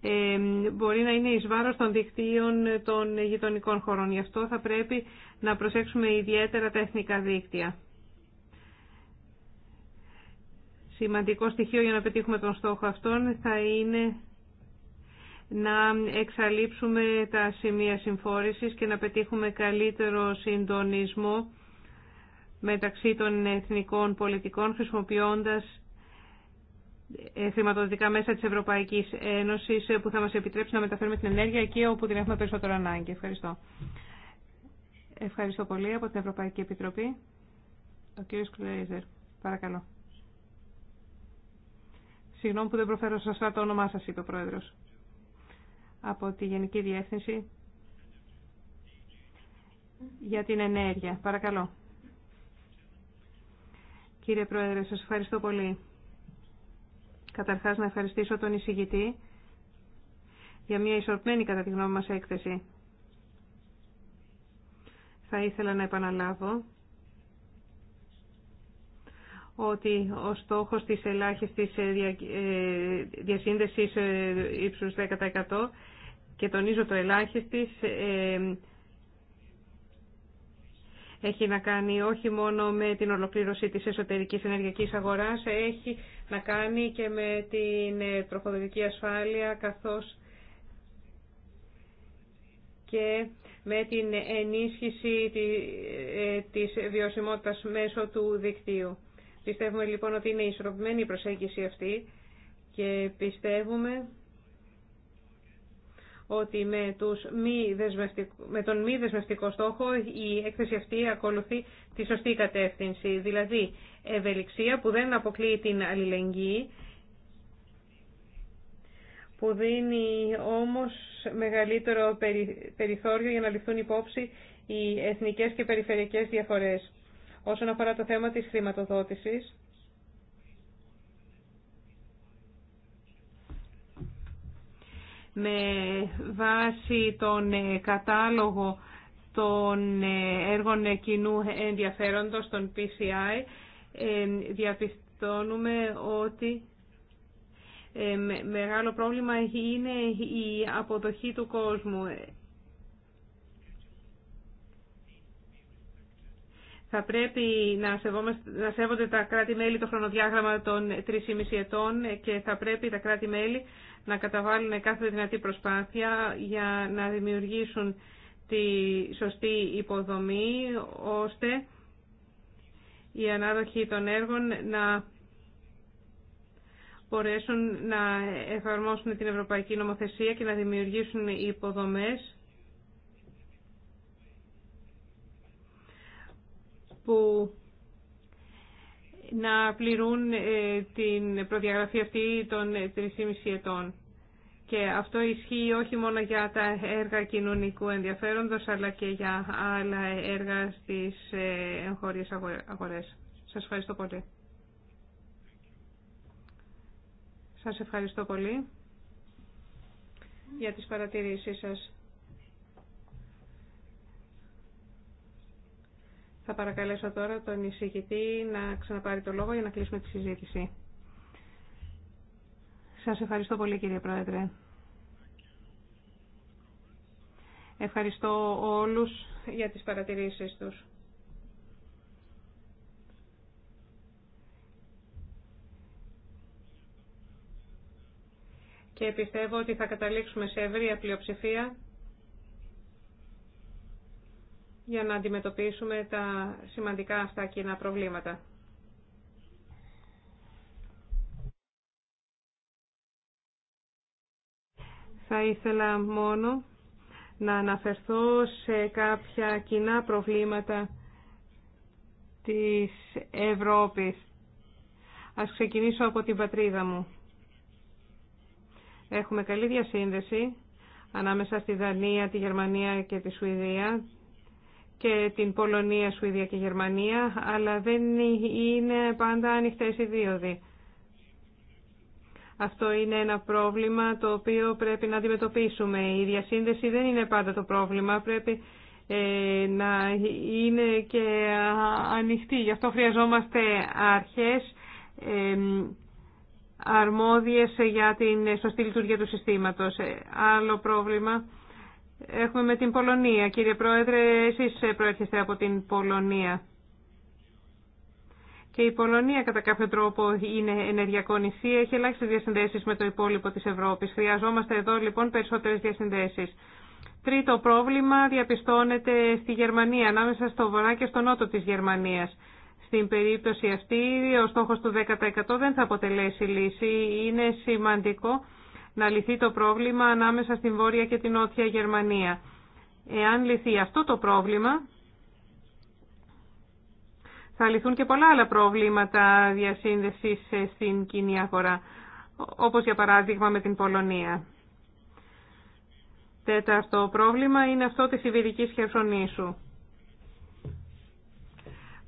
[SPEAKER 1] ε, μπορεί να είναι εις βάρος των δικτύων των γειτονικών χωρών. Γι' αυτό θα πρέπει να προσέξουμε ιδιαίτερα τα εθνικά δίκτυα. Σημαντικό στοιχείο για να πετύχουμε τον στόχο αυτόν θα είναι να εξαλείψουμε τα σημεία συμφόρησης και να πετύχουμε καλύτερο συντονισμό μεταξύ των εθνικών πολιτικών χρησιμοποιώντας ε, χρηματοδοτικά μέσα της Ευρωπαϊκής Ένωσης ε, που θα μας επιτρέψει να μεταφέρουμε την ενέργεια εκεί όπου την έχουμε περισσότερο ανάγκη. Ευχαριστώ. Ευχαριστώ πολύ από την Ευρωπαϊκή Επιτροπή. Ο κύριος Κλέιζερ, παρακαλώ. Συγγνώμη που δεν προφέρω σωστά το όνομά σας, είπε ο Πρόεδρος. Από τη Γενική Διεύθυνση για την Ενέργεια. Παρακαλώ. Κύριε Πρόεδρε, σας ευχαριστώ πολύ. Καταρχάς να ευχαριστήσω τον εισηγητή για μια ισορπμένη κατά τη γνώμη μας έκθεση. Θα ήθελα να επαναλάβω ότι ο στόχος της ελάχιστης ε, ε, διασύνδεσης ε, ύψους 10% και τονίζω το ελάχιστης έχει να κάνει όχι μόνο με την ολοκλήρωση της εσωτερικής ενεργειακής αγοράς, έχει να κάνει και με την ε, τροφοδοτική ασφάλεια καθώς και με την ενίσχυση ε, της βιωσιμότητας μέσω του δικτύου. Πιστεύουμε λοιπόν ότι είναι ισορροπημένη η προσέγγιση αυτή και πιστεύουμε ότι με, τους μη με τον μη δεσμευτικό στόχο η έκθεση αυτή ακολουθεί τη σωστή κατεύθυνση, δηλαδή ευελιξία που δεν αποκλείει την αλληλεγγύη, που δίνει όμως μεγαλύτερο περιθώριο για να ληφθούν υπόψη οι εθνικές και περιφερειακές διαφορές. Όσον αφορά το θέμα της χρηματοδότησης, με βάση τον ε, κατάλογο των ε, έργων κοινού ενδιαφέροντος, των PCI, ε, διαπιστώνουμε ότι μεγάλο πρόβλημα είναι η αποδοχή του κόσμου. Θα πρέπει να, να σέβονται τα κράτη-μέλη το χρονοδιάγραμμα των 3,5 ετών και θα πρέπει τα κράτη-μέλη να καταβάλουν κάθε δυνατή προσπάθεια για να δημιουργήσουν τη σωστή υποδομή ώστε οι ανάδοχοι των έργων να μπορέσουν να εφαρμόσουν την ευρωπαϊκή νομοθεσία και να δημιουργήσουν υποδομές που να πληρούν ε, την προδιαγραφή αυτή των 3,5 ετών. Και αυτό ισχύει όχι μόνο για τα έργα κοινωνικού ενδιαφέροντος, αλλά και για άλλα έργα στις ε, εγχώριες αγορές. Σας ευχαριστώ πολύ. Σας ευχαριστώ πολύ για τις παρατηρήσεις σας. Θα παρακαλέσω τώρα τον εισηγητή να ξαναπάρει το λόγο για να κλείσουμε τη συζήτηση. Σας ευχαριστώ πολύ κύριε Πρόεδρε. Ευχαριστώ όλους για τις παρατηρήσεις τους. Και πιστεύω ότι θα καταλήξουμε σε ευρεία πλειοψηφία για να αντιμετωπίσουμε τα σημαντικά αυτά κοινά προβλήματα. Θα ήθελα μόνο να αναφερθώ σε κάποια κοινά προβλήματα της Ευρώπης. Ας ξεκινήσω από την πατρίδα μου. Έχουμε καλή διασύνδεση ανάμεσα στη Δανία, τη Γερμανία και τη Σουηδία, και την Πολωνία, Σουηδία και Γερμανία, αλλά δεν είναι πάντα ανοιχτές οι δίωδοι. Αυτό είναι ένα πρόβλημα το οποίο πρέπει να αντιμετωπίσουμε. Η διασύνδεση δεν είναι πάντα το πρόβλημα, πρέπει ε, να είναι και ανοιχτή. Γι' αυτό χρειαζόμαστε αρχές αρμόδιες για την σωστή λειτουργία του συστήματος. Ε, άλλο πρόβλημα Έχουμε με την Πολωνία. Κύριε Πρόεδρε, εσείς προέρχεστε από την Πολωνία. Και η Πολωνία κατά κάποιο τρόπο είναι ενεργειακό νησί, έχει ελάχιστε διασυνδέσεις με το υπόλοιπο της Ευρώπης. Χρειαζόμαστε εδώ λοιπόν περισσότερες διασυνδέσεις. Τρίτο πρόβλημα διαπιστώνεται στη Γερμανία, ανάμεσα στο βορρά και στο νότο της Γερμανίας. Στην περίπτωση αυτή ο στόχος του 10% δεν θα αποτελέσει λύση. Είναι σημαντικό να λυθεί το πρόβλημα ανάμεσα στην Βόρεια και την Νότια Γερμανία. Εάν λυθεί αυτό το πρόβλημα, θα λυθούν και πολλά άλλα προβλήματα διασύνδεσης ε, στην κοινή αγορά, όπως για παράδειγμα με την Πολωνία. Τέταρτο πρόβλημα είναι αυτό της Ιβηρικής Χερσονήσου,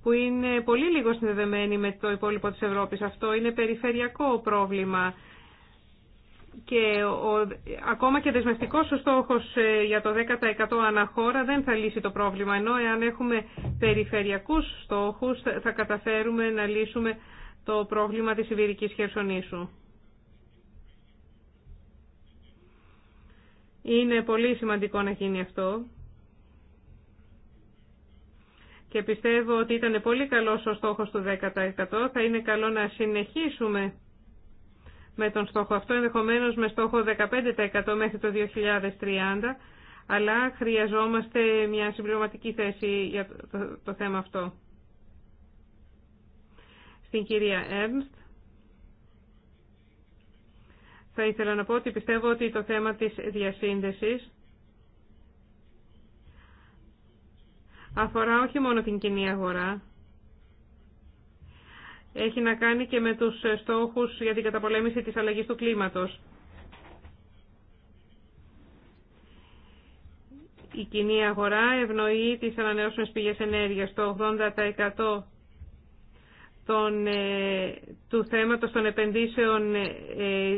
[SPEAKER 1] που είναι πολύ λίγο συνδεδεμένη με το υπόλοιπο της Ευρώπης. Αυτό είναι περιφερειακό πρόβλημα και ο, ακόμα και δεσμευτικός ο στόχος ε, για το 10% αναχώρα δεν θα λύσει το πρόβλημα, ενώ εάν έχουμε περιφερειακούς στόχους θα καταφέρουμε να λύσουμε το πρόβλημα της Ιβηρικής Χερσονήσου. Είναι πολύ σημαντικό να γίνει αυτό και πιστεύω ότι ήταν πολύ καλός ο στόχος του 10%. Θα είναι καλό να συνεχίσουμε με τον στόχο αυτό, ενδεχομένως με στόχο 15% μέχρι το 2030, αλλά χρειαζόμαστε μια συμπληρωματική θέση για το, θέμα αυτό. Στην κυρία Ernst, θα ήθελα να πω ότι πιστεύω ότι το θέμα της διασύνδεσης αφορά όχι μόνο την κοινή αγορά, έχει να κάνει και με τους στόχους για την καταπολέμηση της αλλαγής του κλίματος. Η κοινή αγορά ευνοεί τις ανανεώσιμες πηγές ενέργειας. Το 80% των, ε, του θέματος των επενδύσεων ε,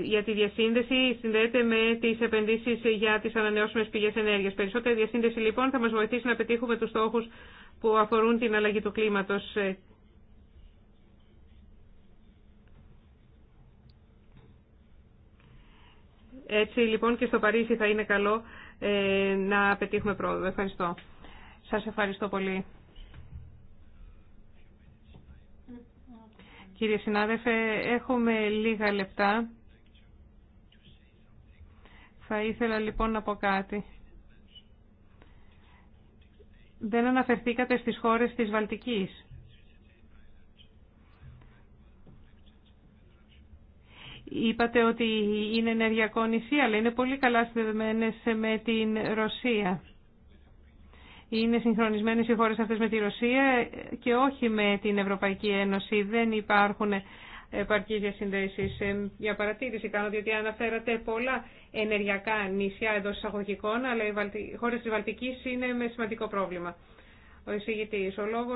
[SPEAKER 1] για τη διασύνδεση συνδέεται με τις επενδύσεις για τις ανανεώσιμες πηγές ενέργειας. Περισσότερη διασύνδεση λοιπόν θα μας βοηθήσει να πετύχουμε τους στόχους που αφορούν την αλλαγή του κλίματος ε, Έτσι λοιπόν και στο Παρίσι θα είναι καλό ε, να πετύχουμε πρόοδο. Ευχαριστώ. Σας ευχαριστώ πολύ. Κύριε συνάδελφε, έχουμε λίγα λεπτά. Θα ήθελα λοιπόν να πω κάτι. Δεν αναφερθήκατε στις χώρες της Βαλτικής. Είπατε ότι είναι ενεργειακό νησί, αλλά είναι πολύ καλά συνδεδεμένες με την Ρωσία. Είναι συγχρονισμένες οι χώρες αυτές με τη Ρωσία και όχι με την Ευρωπαϊκή Ένωση. Δεν υπάρχουν επαρκεί διασυνδέσει. Ε, για παρατήρηση κάνω, διότι αναφέρατε πολλά ενεργειακά νησιά εντό εισαγωγικών, αλλά οι χώρε τη Βαλτική είναι με σημαντικό πρόβλημα. Ο εισηγητή. Ο λόγο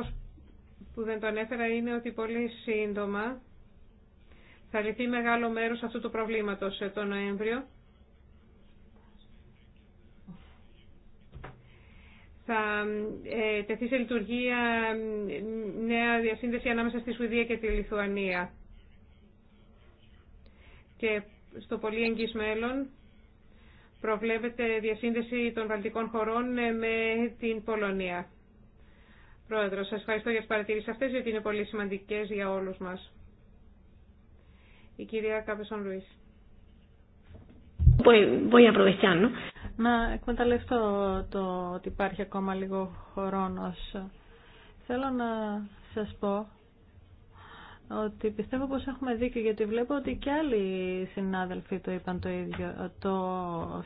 [SPEAKER 1] που δεν το ανέφερα είναι ότι πολύ σύντομα θα λυθεί μεγάλο μέρος αυτού του προβλήματος ε, το Νοέμβριο. Θα ε, τεθεί σε λειτουργία νέα διασύνδεση ανάμεσα στη Σουηδία και τη Λιθουανία. Και στο πολύ εγγύς μέλλον προβλέπεται διασύνδεση των βαλτικών χωρών ε, με την Πολωνία. Πρόεδρο, σας ευχαριστώ για τις παρατηρήσεις αυτές, γιατί είναι πολύ σημαντικές για όλους μας. Η κυρία Κάπεσον Λουίς. Να εκμεταλλευτώ το ότι υπάρχει ακόμα λίγο χρόνος. Θέλω να σας πω ότι πιστεύω πως έχουμε δίκιο γιατί βλέπω ότι και άλλοι συνάδελφοι το είπαν το ίδιο. Το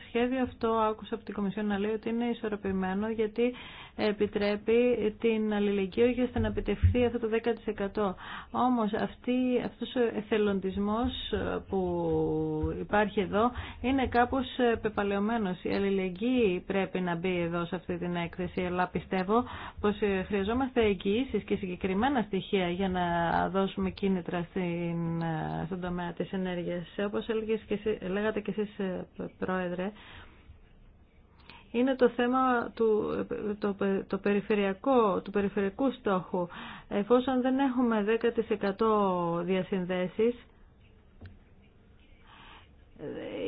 [SPEAKER 1] σχέδιο αυτό άκουσα από την Κομισιόν να λέει ότι είναι ισορροπημένο γιατί επιτρέπει την αλληλεγγύη ώστε να επιτευχθεί αυτό το 10%. Όμως αυτή, αυτός ο εθελοντισμός που υπάρχει εδώ είναι κάπως πεπαλαιωμένος. Η αλληλεγγύη πρέπει να μπει εδώ σε αυτή την έκθεση αλλά πιστεύω πως χρειαζόμαστε εγγυήσεις και συγκεκριμένα στοιχεία για να δώσουμε κίνητρα στην, ε, στον τομέα της ενέργειας. Όπως και εσύ, λέγατε και εσείς, ε, Πρόεδρε, είναι το θέμα του το, το περιφερειακό, του περιφερειακού στόχου. Εφόσον δεν έχουμε 10% διασυνδέσεις,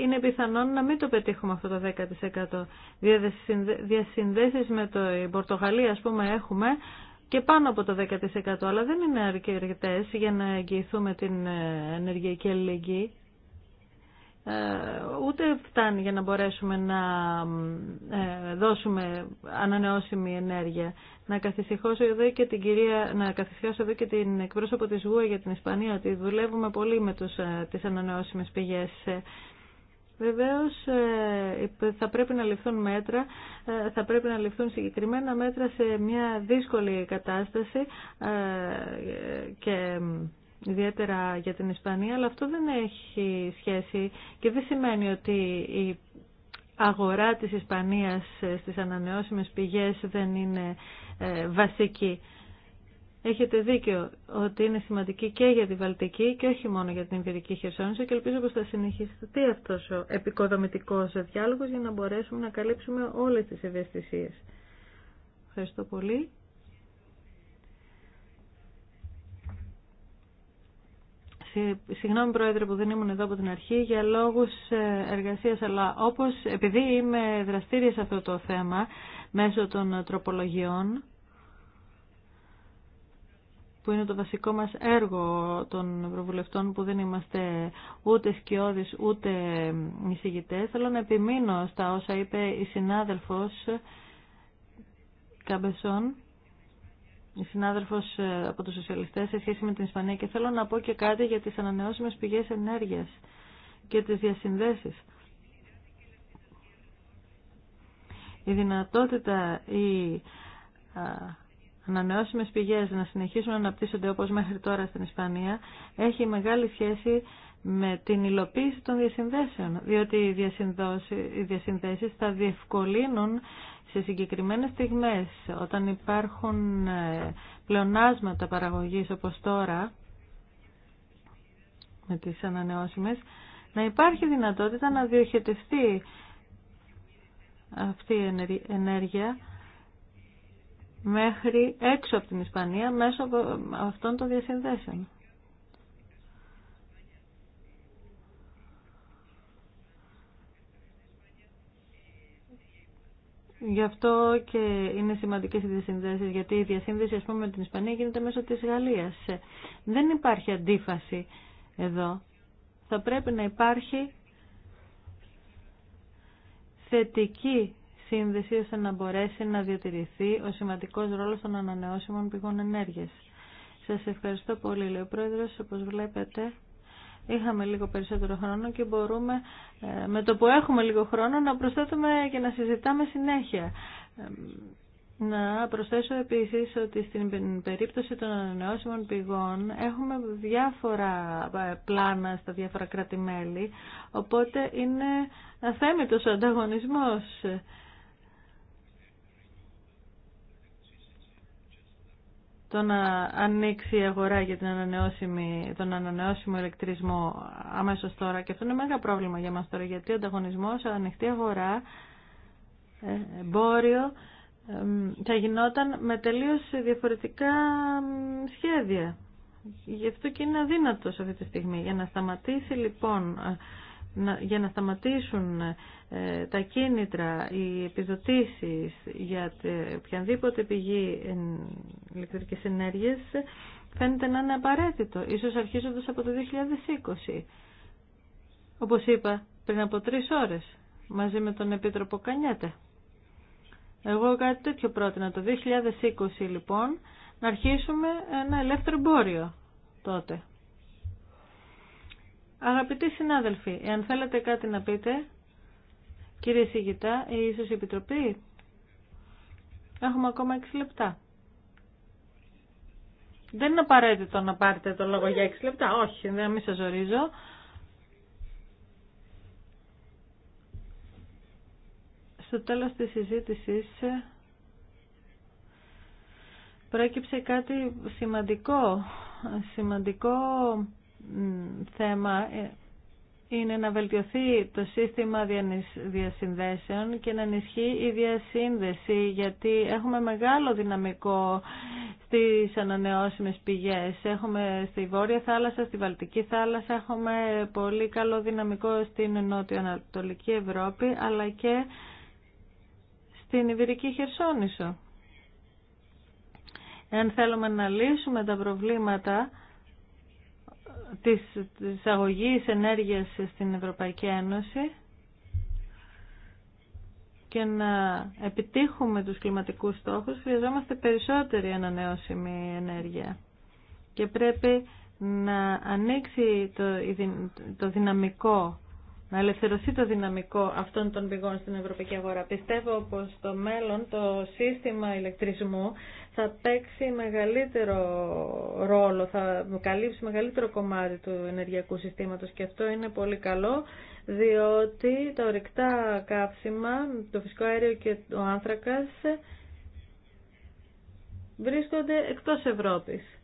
[SPEAKER 1] είναι πιθανόν να μην το πετύχουμε αυτό το 10%. Διασυνδέσεις με το η Πορτογαλία, ας πούμε, έχουμε και πάνω από το 10% αλλά δεν είναι αρκετέ για να εγγυηθούμε την ε, ενεργειακή αλληλεγγύη ε, ούτε φτάνει για να μπορέσουμε να ε, δώσουμε ανανεώσιμη ενέργεια. Να καθησυχώσω εδώ και την κυρία, να εδώ και την εκπρόσωπο της ΓΟΕ για την Ισπανία ότι δουλεύουμε πολύ με τους, τις ανανεώσιμες πηγές Βεβαίως ε, θα πρέπει να ληφθούν μέτρα, ε, θα πρέπει να ληφθούν συγκεκριμένα μέτρα σε μια δύσκολη κατάσταση ε, και ιδιαίτερα για την Ισπανία, αλλά αυτό δεν έχει σχέση και δεν σημαίνει ότι η αγορά της Ισπανίας στις ανανεώσιμες πηγές δεν είναι βασική. Έχετε δίκιο ότι είναι σημαντική και για τη Βαλτική και όχι μόνο για την Ιβηρική Χερσόνησο και ελπίζω πως θα συνεχιστεί αυτός ο επικοδομητικός διάλογος για να μπορέσουμε να καλύψουμε όλες τις ευαισθησίες. Ευχαριστώ πολύ. Συγγνώμη Πρόεδρε που δεν ήμουν εδώ από την αρχή για λόγους ε, εργασίας αλλά όπως επειδή είμαι δραστήρια σε αυτό το θέμα μέσω των τροπολογιών που είναι το βασικό μας έργο των Ευρωβουλευτών που δεν είμαστε ούτε σκιώδεις ούτε εισηγητές. Θέλω να επιμείνω στα όσα είπε η συνάδελφος Καμπεσόν, η συνάδελφος από τους σοσιαλιστές σε σχέση με την Ισπανία και θέλω να πω και κάτι για τις ανανεώσιμες πηγές ενέργειας και τις διασυνδέσεις. Η δυνατότητα, η ανανεώσιμε πηγέ να συνεχίσουν να αναπτύσσονται όπω μέχρι τώρα στην Ισπανία έχει μεγάλη σχέση με την υλοποίηση των διασυνδέσεων, διότι οι διασυνδέσει θα διευκολύνουν σε συγκεκριμένε στιγμές όταν υπάρχουν ε, πλεονάσματα παραγωγή όπως τώρα με τις ανανεώσιμε, να υπάρχει δυνατότητα να διοχετευτεί αυτή η ενέργεια μέχρι έξω από την Ισπανία μέσω αυτών των διασυνδέσεων. Γι' αυτό και είναι σημαντικέ οι διασυνδέσει, γιατί η διασύνδεση α πούμε, με την Ισπανία γίνεται μέσω τη Γαλλία. Δεν υπάρχει αντίφαση εδώ. Θα πρέπει να υπάρχει θετική σύνδεση ώστε να μπορέσει να διατηρηθεί ο σημαντικός ρόλος των ανανεώσιμων πηγών ενέργειας. Σας ευχαριστώ πολύ, λέει ο Πρόεδρος. Όπως βλέπετε, είχαμε λίγο περισσότερο χρόνο και μπορούμε, ε, με το που έχουμε λίγο χρόνο, να προσθέτουμε και να συζητάμε συνέχεια. Να προσθέσω επίσης ότι στην περίπτωση των ανανεώσιμων πηγών έχουμε διάφορα ε, πλάνα στα διάφορα οπότε είναι αθέμητος ο ανταγωνισμός. το να ανοίξει η αγορά για την ανανεώσιμη, τον ανανεώσιμο ηλεκτρισμό αμέσως τώρα και αυτό είναι μεγάλο πρόβλημα για μας τώρα γιατί ο ανταγωνισμός, ανοιχτή αγορά, ε, εμπόριο θα γινόταν με τελείως διαφορετικά σχέδια. Γι' αυτό και είναι αδύνατο αυτή τη στιγμή. Για να σταματήσει λοιπόν για να σταματήσουν ε, τα κίνητρα, οι επιδοτήσεις για οποιαδήποτε πηγή ηλεκτρικής ενέργειας φαίνεται να είναι απαραίτητο, ίσως αρχίζοντας από το 2020. Όπως είπα πριν από τρεις ώρες, μαζί με τον Επίτροπο Κανιάτε. Εγώ κάτι τέτοιο πρότεινα. Το 2020 λοιπόν να αρχίσουμε ένα ελεύθερο εμπόριο τότε. Αγαπητοί συνάδελφοι, εάν θέλετε κάτι να πείτε, κύριε Σιγητά ή ίσως η Επιτροπή, έχουμε ακόμα 6 λεπτά. Δεν είναι απαραίτητο να πάρετε το λόγο για 6 λεπτά, όχι, δεν μην σας ορίζω. Στο τέλος της συζήτησης προέκυψε κάτι σημαντικό, σημαντικό θέμα ε, είναι να βελτιωθεί το σύστημα διασυνδέσεων και να ενισχύει η διασύνδεση γιατί έχουμε μεγάλο δυναμικό στις ανανεώσιμες πηγές. Έχουμε στη Βόρεια Θάλασσα, στη Βαλτική Θάλασσα, έχουμε πολύ καλό δυναμικό στην Νότιο-Ανατολική Ευρώπη αλλά και στην Ιβηρική Χερσόνησο. Εάν θέλουμε να λύσουμε τα προβλήματα της, της αγωγής ενέργειας στην Ευρωπαϊκή Ένωση και να επιτύχουμε τους κλιματικούς στόχους χρειαζόμαστε περισσότερη ανανεώσιμη ενέργεια και πρέπει να ανοίξει το, το δυναμικό να ελευθερωθεί το δυναμικό αυτών των πηγών στην ευρωπαϊκή αγορά. Πιστεύω πως στο μέλλον το σύστημα ηλεκτρισμού θα παίξει μεγαλύτερο ρόλο, θα καλύψει μεγαλύτερο κομμάτι του ενεργειακού συστήματος και αυτό είναι πολύ καλό διότι τα ορυκτά καύσιμα, το φυσικό αέριο και ο άνθρακας βρίσκονται εκτός Ευρώπης.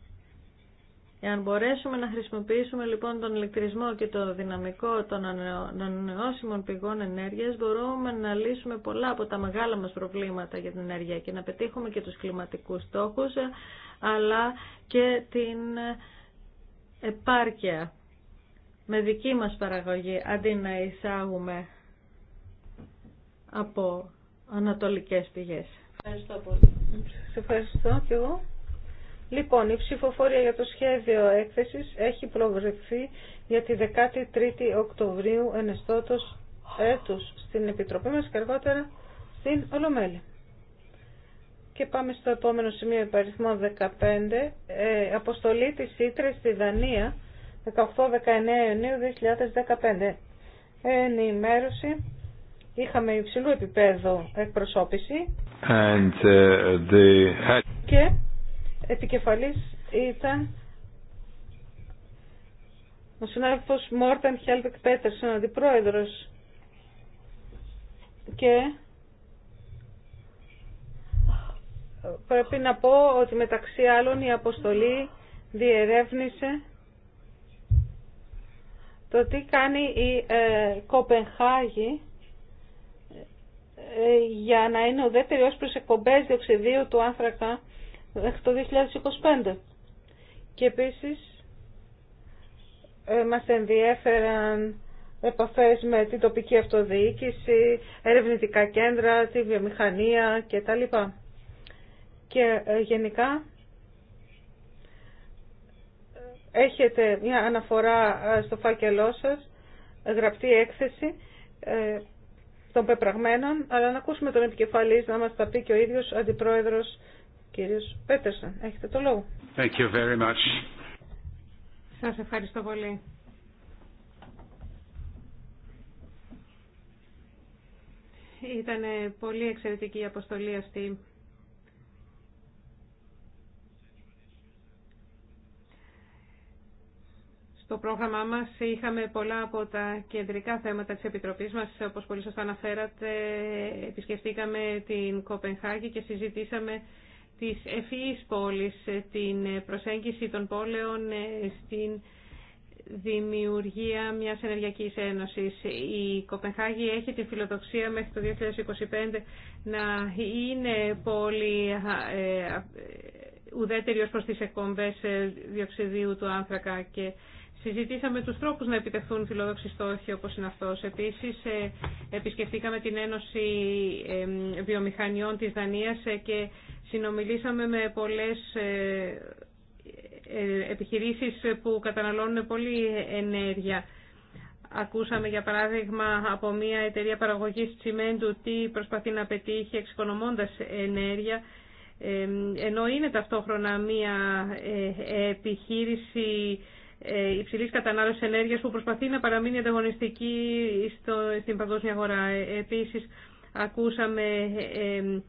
[SPEAKER 1] Εάν μπορέσουμε να χρησιμοποιήσουμε λοιπόν τον ηλεκτρισμό και το δυναμικό των ανανεώσιμων πηγών ενέργειας, μπορούμε να λύσουμε πολλά από τα μεγάλα μας προβλήματα για την ενέργεια και να πετύχουμε και τους κλιματικούς στόχους, αλλά και την επάρκεια με δική μας παραγωγή, αντί να εισάγουμε από ανατολικές πηγές. Ευχαριστώ πολύ. ευχαριστώ και εγώ. Λοιπόν, η ψηφοφορία για το σχέδιο έκθεσης έχει προβληθεί για τη 13η Οκτωβρίου ενεστώτος έτους στην Επιτροπή μας και αργότερα στην Ολομέλη. Και πάμε στο επόμενο σημείο υπαριθμό 15, ε, αποστολή της Ήτρες στη Δανία 18-19 Ιουνίου 2015. Ενημέρωση. Είχαμε υψηλού επίπεδο εκπροσώπηση And, uh, the... και επικεφαλής ήταν ο συνάδελφος Μόρταν Χέλβεκ Πέτερσον, αντιπρόεδρος και πρέπει να πω ότι μεταξύ άλλων η αποστολή διερεύνησε το τι κάνει η ε, Κοπενχάγη ε, για να είναι ο ως προς εκπομπές διοξιδίου του άνθρακα μέχρι το 2025. Και επίσης ε, μας ενδιέφεραν επαφές με την τοπική αυτοδιοίκηση, ερευνητικά κέντρα, τη βιομηχανία κτλ. Και ε, γενικά έχετε μια αναφορά ε, στο φάκελό σας, γραπτή έκθεση ε, των πεπραγμένων, αλλά να ακούσουμε τον επικεφαλής να μας τα πει και ο ίδιος αντιπρόεδρος κύριος Πέτερσον. Έχετε το λόγο. Thank you very much. Σας ευχαριστώ πολύ. Ήταν πολύ εξαιρετική η αποστολή αυτή. Στο πρόγραμμά μας είχαμε πολλά από τα κεντρικά θέματα της Επιτροπής μας. Όπως πολύ σας αναφέρατε, επισκεφτήκαμε την Κοπενχάγη και συζητήσαμε της ευφυής πόλης, ε, την ε, προσέγγιση των πόλεων ε, στην δημιουργία μιας ενεργειακής ένωσης. Η Κοπεχάγη έχει την φιλοδοξία μέχρι το 2025 να είναι πόλη ουδέτερη ως προς τις εκπομπές διοξιδίου του άνθρακα και Συζητήσαμε τους τρόπους να επιτεθούν φιλόδοξοι στόχοι όπως είναι αυτός. Επίσης, ε, επισκεφτήκαμε την Ένωση Βιομηχανιών της Δανίας ε, και συνομιλήσαμε με πολλές ε, επιχειρήσεις που καταναλώνουν πολύ ενέργεια. Ακούσαμε για παράδειγμα από μια εταιρεία παραγωγής τσιμέντου τι προσπαθεί να πετύχει εξοικονομώντας ενέργεια ενώ είναι ταυτόχρονα μια επιχείρηση ε, υψηλή κατανάλωση ενέργεια που προσπαθεί να παραμείνει ανταγωνιστική στην παγκόσμια αγορά. Ε, Επίση ακούσαμε ε,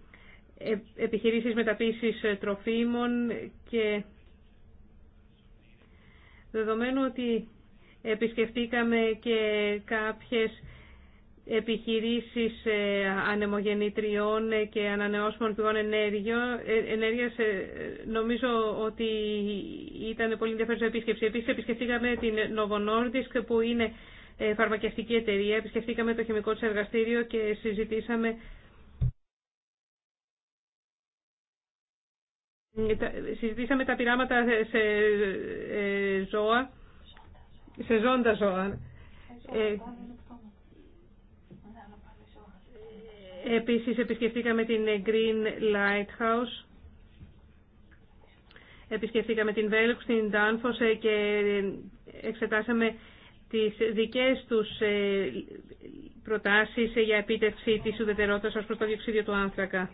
[SPEAKER 1] επιχειρήσεις μεταποίησης τροφίμων και δεδομένου ότι επισκεφτήκαμε και κάποιες επιχειρήσεις ε, ανεμογεννητριών ε, και ανανεώσιμων πηγών ε, ενέργειας. Νομίζω ότι ήταν πολύ ενδιαφέρουσα επίσκεψη. Επίσης επισκεφτήκαμε την Novo Nordisk που είναι φαρμακευτική εταιρεία. Επισκεφτήκαμε το χημικό της εργαστήριο και συζητήσαμε συζητήσαμε τα πειράματα σε ζώα, σε ζώντα ζώα. Επίσης επισκεφτήκαμε την Green Lighthouse. Επισκεφτήκαμε την Velux, την Danfoss ε, και εξετάσαμε τις δικές τους ε, προτάσεις για επίτευξη της ουδετερότητας ως προς το διοξίδιο του άνθρακα.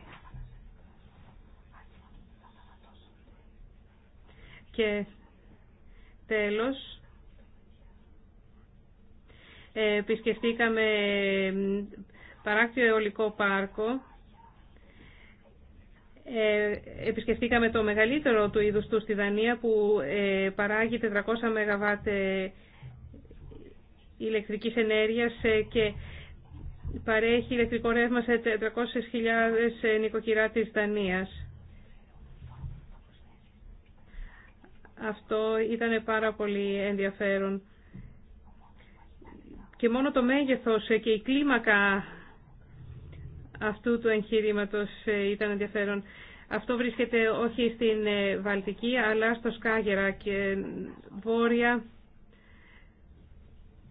[SPEAKER 1] Και τέλος, ε, επισκεφτήκαμε παράκτιο αιωλικό πάρκο. Ε, επισκεφτήκαμε το μεγαλύτερο του είδους του στη Δανία που ε, παράγει 400 ΜΒ ε, ηλεκτρικής ενέργειας και παρέχει ηλεκτρικό ρεύμα σε 400.000 νοικοκυρά της Δανίας. Αυτό ήταν πάρα πολύ ενδιαφέρον. Και μόνο το μέγεθος και η κλίμακα αυτού του εγχειρήματος ε, ήταν ενδιαφέρον. Αυτό βρίσκεται όχι στην ε, Βαλτική, αλλά στο Σκάγερα και βόρεια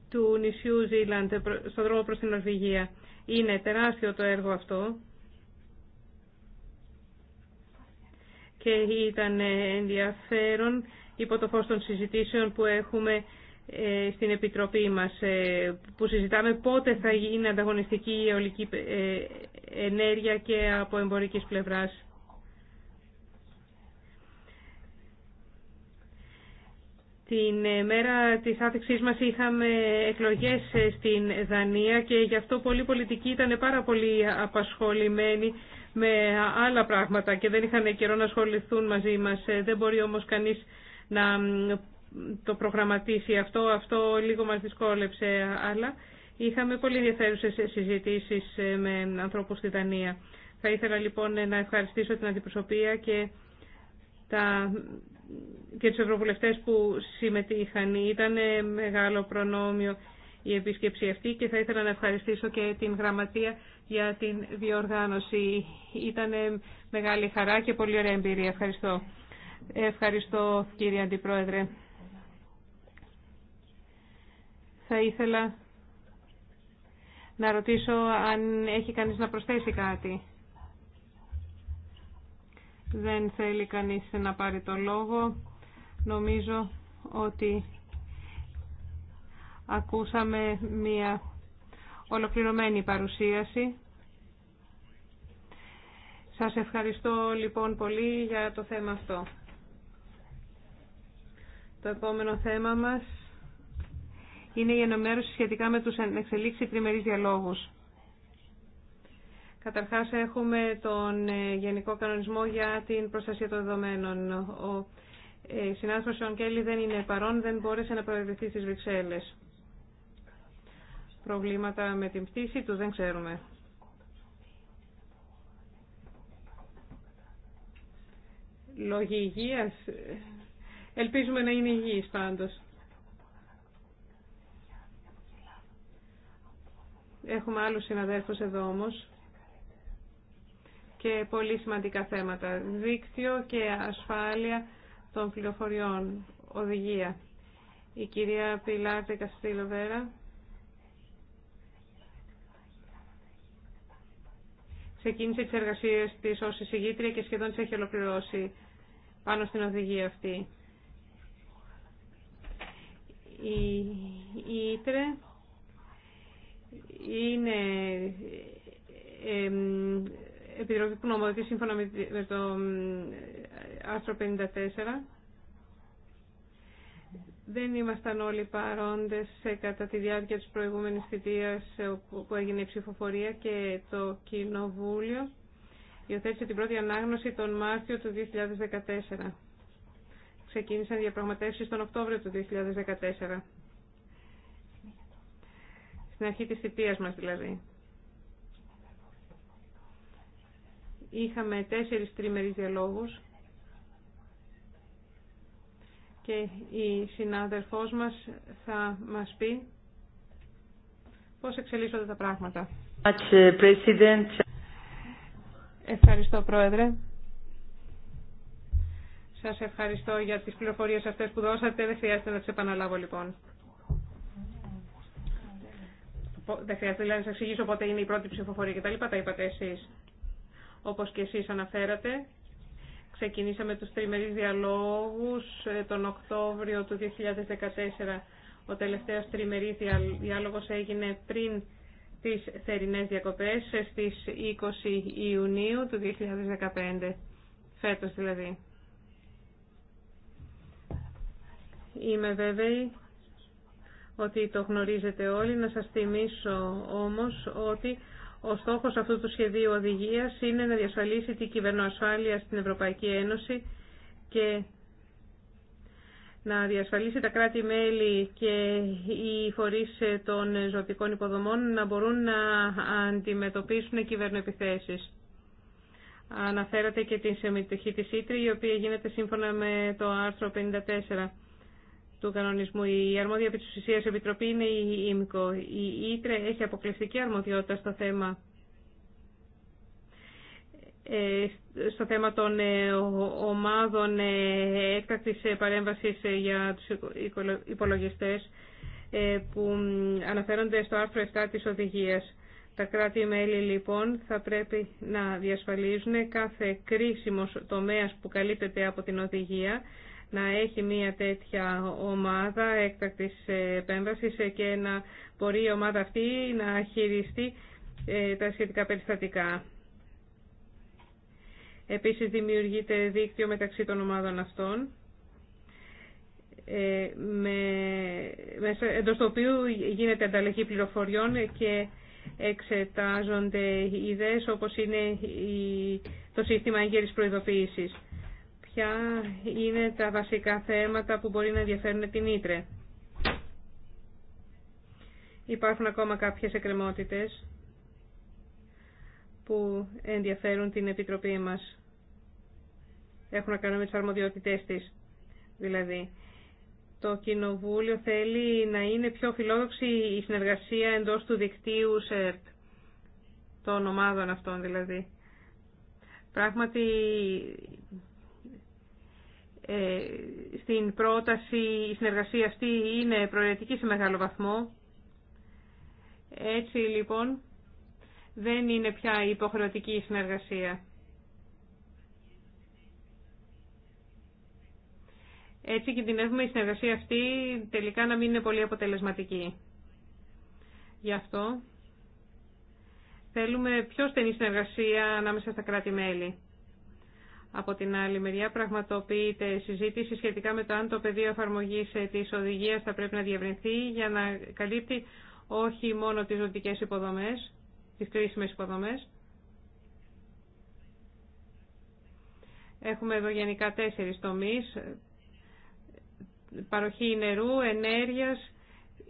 [SPEAKER 1] του νησιού Ζήλαντ, στον δρόμο προς την Νορβηγία. Είναι τεράστιο το έργο αυτό και ήταν ε, ενδιαφέρον υπό το φως των συζητήσεων που έχουμε στην Επιτροπή μας, που συζητάμε πότε θα γίνει ανταγωνιστική η ενέργεια και από εμπορικής πλευράς. Την ε, μέρα της άφηξής μας είχαμε εκλογές ε, στην Δανία και γι' αυτό πολλοί πολιτικοί ήταν πάρα πολύ απασχολημένοι με άλλα πράγματα και δεν είχαν καιρό να ασχοληθούν μαζί μας. Ε, δεν μπορεί όμως κανείς να το προγραμματίσει αυτό. Αυτό λίγο μας δυσκόλεψε, αλλά Είχαμε πολύ ενδιαφέρουσε συζητήσει ε, με ανθρώπου στη Δανία. Θα ήθελα λοιπόν ε, να ευχαριστήσω την αντιπροσωπεία και, τα... και του ευρωβουλευτέ που συμμετείχαν. Ήταν ε, μεγάλο προνόμιο η επίσκεψη αυτή και θα ήθελα να ευχαριστήσω και την γραμματεία για την διοργάνωση. Ήταν μεγάλη χαρά και πολύ ωραία εμπειρία. Ευχαριστώ. Ευχαριστώ κύριε Αντιπρόεδρε. Θα ήθελα να ρωτήσω αν έχει κανείς να προσθέσει κάτι. Δεν θέλει κανείς να πάρει το λόγο. Νομίζω ότι ακούσαμε μια ολοκληρωμένη παρουσίαση. Σας ευχαριστώ λοιπόν πολύ για το θέμα αυτό. Το επόμενο θέμα μας είναι η ενημέρωση σχετικά με τους εξελίξει τριμερείς διαλόγους. Καταρχάς έχουμε τον ε, Γενικό Κανονισμό για την Προστασία των Δεδομένων. Ο ε, συνάδελφος Σον Κέλλη δεν είναι παρόν, δεν μπόρεσε να προεδρευτεί στις Βρυξέλλες. Προβλήματα με την πτήση του δεν ξέρουμε. Λόγοι υγείας. Ε, ελπίζουμε να είναι υγιής πάντως. Έχουμε άλλους συναδέλφους εδώ όμως και πολύ σημαντικά θέματα. Δίκτυο και ασφάλεια των πληροφοριών. Οδηγία. Η κυρία Πιλάρτε Καστήλο Βέρα. Ξεκίνησε τις εργασίες της ως εισηγήτρια και σχεδόν τις έχει ολοκληρώσει πάνω στην οδηγία αυτή. Η, η Ήτρε είναι επιτροπή που νομοθετεί σύμφωνα με το άρθρο 54. Δεν ήμασταν όλοι παρόντες κατά τη διάρκεια της προηγούμενης θητείας ε, που έγινε η ψηφοφορία και το Κοινοβούλιο υιοθέτησε την πρώτη ανάγνωση τον Μάρτιο του 2014. Ξεκίνησαν διαπραγματεύσεις τον Οκτώβριο του 2014 στην αρχή της θητείας μας δηλαδή. Είχαμε τέσσερις τρίμερις διαλόγους και η συνάδελφός μας θα μας πει πώς εξελίσσονται τα πράγματα. Ευχαριστώ Πρόεδρε. Σας ευχαριστώ για τις πληροφορίες αυτές που δώσατε. Δεν χρειάζεται να τις επαναλάβω λοιπόν δεν χρειάζεται δηλαδή να σα εξηγήσω πότε είναι η πρώτη ψηφοφορία κτλ. Τα είπατε εσεί, όπω και εσεί αναφέρατε, ξεκινήσαμε τους τριμερεί διαλόγου ε, τον Οκτώβριο του 2014. Ο τελευταίο τριμερή διάλογο έγινε πριν τι θερινέ διακοπέ ε, στι 20 Ιουνίου του 2015, Φέτο δηλαδή. Είμαι βέβαιη ότι το γνωρίζετε όλοι. Να σας θυμίσω όμως ότι ο στόχος αυτού του σχεδίου οδηγίας είναι να διασφαλίσει την κυβερνοασφάλεια στην Ευρωπαϊκή Ένωση και να διασφαλίσει τα κράτη-μέλη και οι φορείς των ζωτικών υποδομών να μπορούν να αντιμετωπίσουν κυβερνοεπιθέσεις. Αναφέρατε και την συμμετοχή της Ήτρη, η οποία γίνεται σύμφωνα με το άρθρο 54 του κανονισμού. Η αρμόδια επί της επιτροπή είναι η ΙΜΚΟ. Η ΙΤΡΕ έχει αποκλειστική αρμοδιότητα στο θέμα ε, στο θέμα των ε, ομάδων ε, έκτακτης παρέμβασης για τους υπολογιστές που αναφέρονται στο άρθρο 7 της οδηγίας. Τα κράτη-μέλη λοιπόν θα πρέπει να διασφαλίζουν κάθε κρίσιμος τομέας που καλύπτεται από την οδηγία να έχει μια τέτοια ομάδα έκτακτης επέμβασης και να μπορεί η ομάδα αυτή να χειριστεί ε, τα σχετικά περιστατικά. Επίσης δημιουργείται δίκτυο μεταξύ των ομάδων αυτών ε, με, μέσα, εντός του οποίου γίνεται ανταλλαγή πληροφοριών και εξετάζονται ιδέες όπως είναι το σύστημα έγκαιρης προειδοποίησης ποια είναι τα βασικά θέματα που μπορεί να ενδιαφέρουν την Ήτρε. Υπάρχουν ακόμα κάποιες εκκρεμότητες που ενδιαφέρουν την Επιτροπή μας. Έχουν να κάνουν με τις αρμοδιότητές της. Δηλαδή, το Κοινοβούλιο θέλει να είναι πιο φιλόδοξη η συνεργασία εντός του δικτύου ΣΕΡΤ, των ομάδων αυτών δηλαδή. Πράγματι, ε, στην πρόταση η συνεργασία αυτή είναι προαιρετική σε μεγάλο βαθμό. Έτσι λοιπόν δεν είναι πια υποχρεωτική η συνεργασία. Έτσι κινδυνεύουμε η συνεργασία αυτή τελικά να μην είναι πολύ αποτελεσματική. Γι' αυτό θέλουμε πιο στενή συνεργασία ανάμεσα στα κράτη-μέλη. Από την άλλη μεριά πραγματοποιείται συζήτηση σχετικά με το αν το πεδίο εφαρμογής ε, της οδηγίας θα πρέπει να διευρυνθεί για να καλύπτει όχι μόνο τις ζωτικέ υποδομές, τις κρίσιμες υποδομές. Έχουμε εδώ γενικά τέσσερις τομείς. Παροχή νερού, ενέργειας,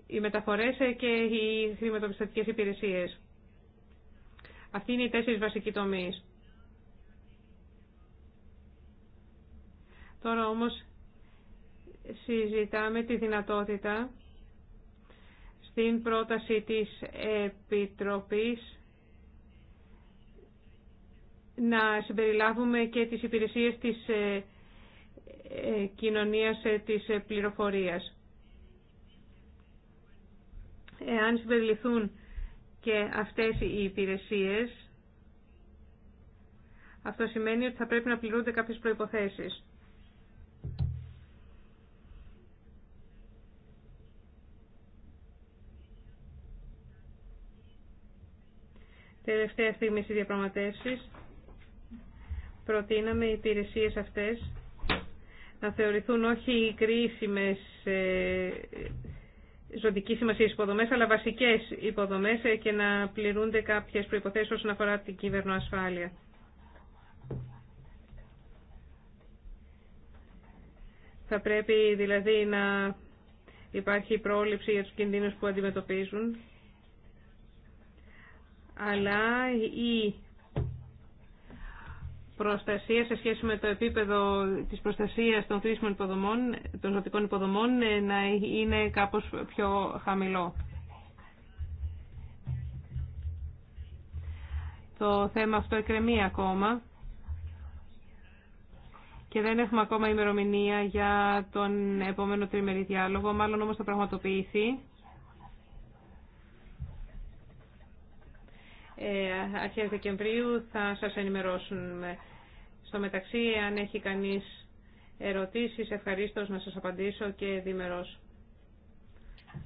[SPEAKER 1] οι μεταφορές ε, και οι χρηματοπιστωτικές υπηρεσίες. Αυτοί είναι οι τέσσερις βασικοί τομείς. Τώρα όμως συζητάμε τη δυνατότητα στην πρόταση της Επιτροπής να συμπεριλάβουμε και τις υπηρεσίες της ε, ε, κοινωνίας ε, της πληροφορίας. Εάν συμπεριληφθούν και αυτές οι υπηρεσίες, αυτό σημαίνει ότι θα πρέπει να πληρούνται κάποιες προϋποθέσεις. τελευταία στιγμή στις διαπραγματεύσεις προτείναμε οι υπηρεσίες αυτές να θεωρηθούν όχι οι κρίσιμες ε, ζωτική σημασία υποδομές, αλλά βασικές υποδομές ε, και να πληρούνται κάποιες προϋποθέσεις όσον αφορά την κυβερνοασφάλεια. Θα πρέπει δηλαδή να υπάρχει πρόληψη για τους κινδύνους που αντιμετωπίζουν αλλά η προστασία σε σχέση με το επίπεδο της προστασίας των χρήσιμων υποδομών, των ζωτικών υποδομών, ε, να είναι κάπως πιο χαμηλό. Το θέμα αυτό εκκρεμεί ακόμα και δεν έχουμε ακόμα ημερομηνία για τον επόμενο τριμερή διάλογο, μάλλον όμως θα πραγματοποιηθεί. Ε, αρχές Δεκεμβρίου θα σας ενημερώσουν. Στο μεταξύ, αν έχει κανείς ερωτήσεις, ευχαριστώ να σας απαντήσω και διμερός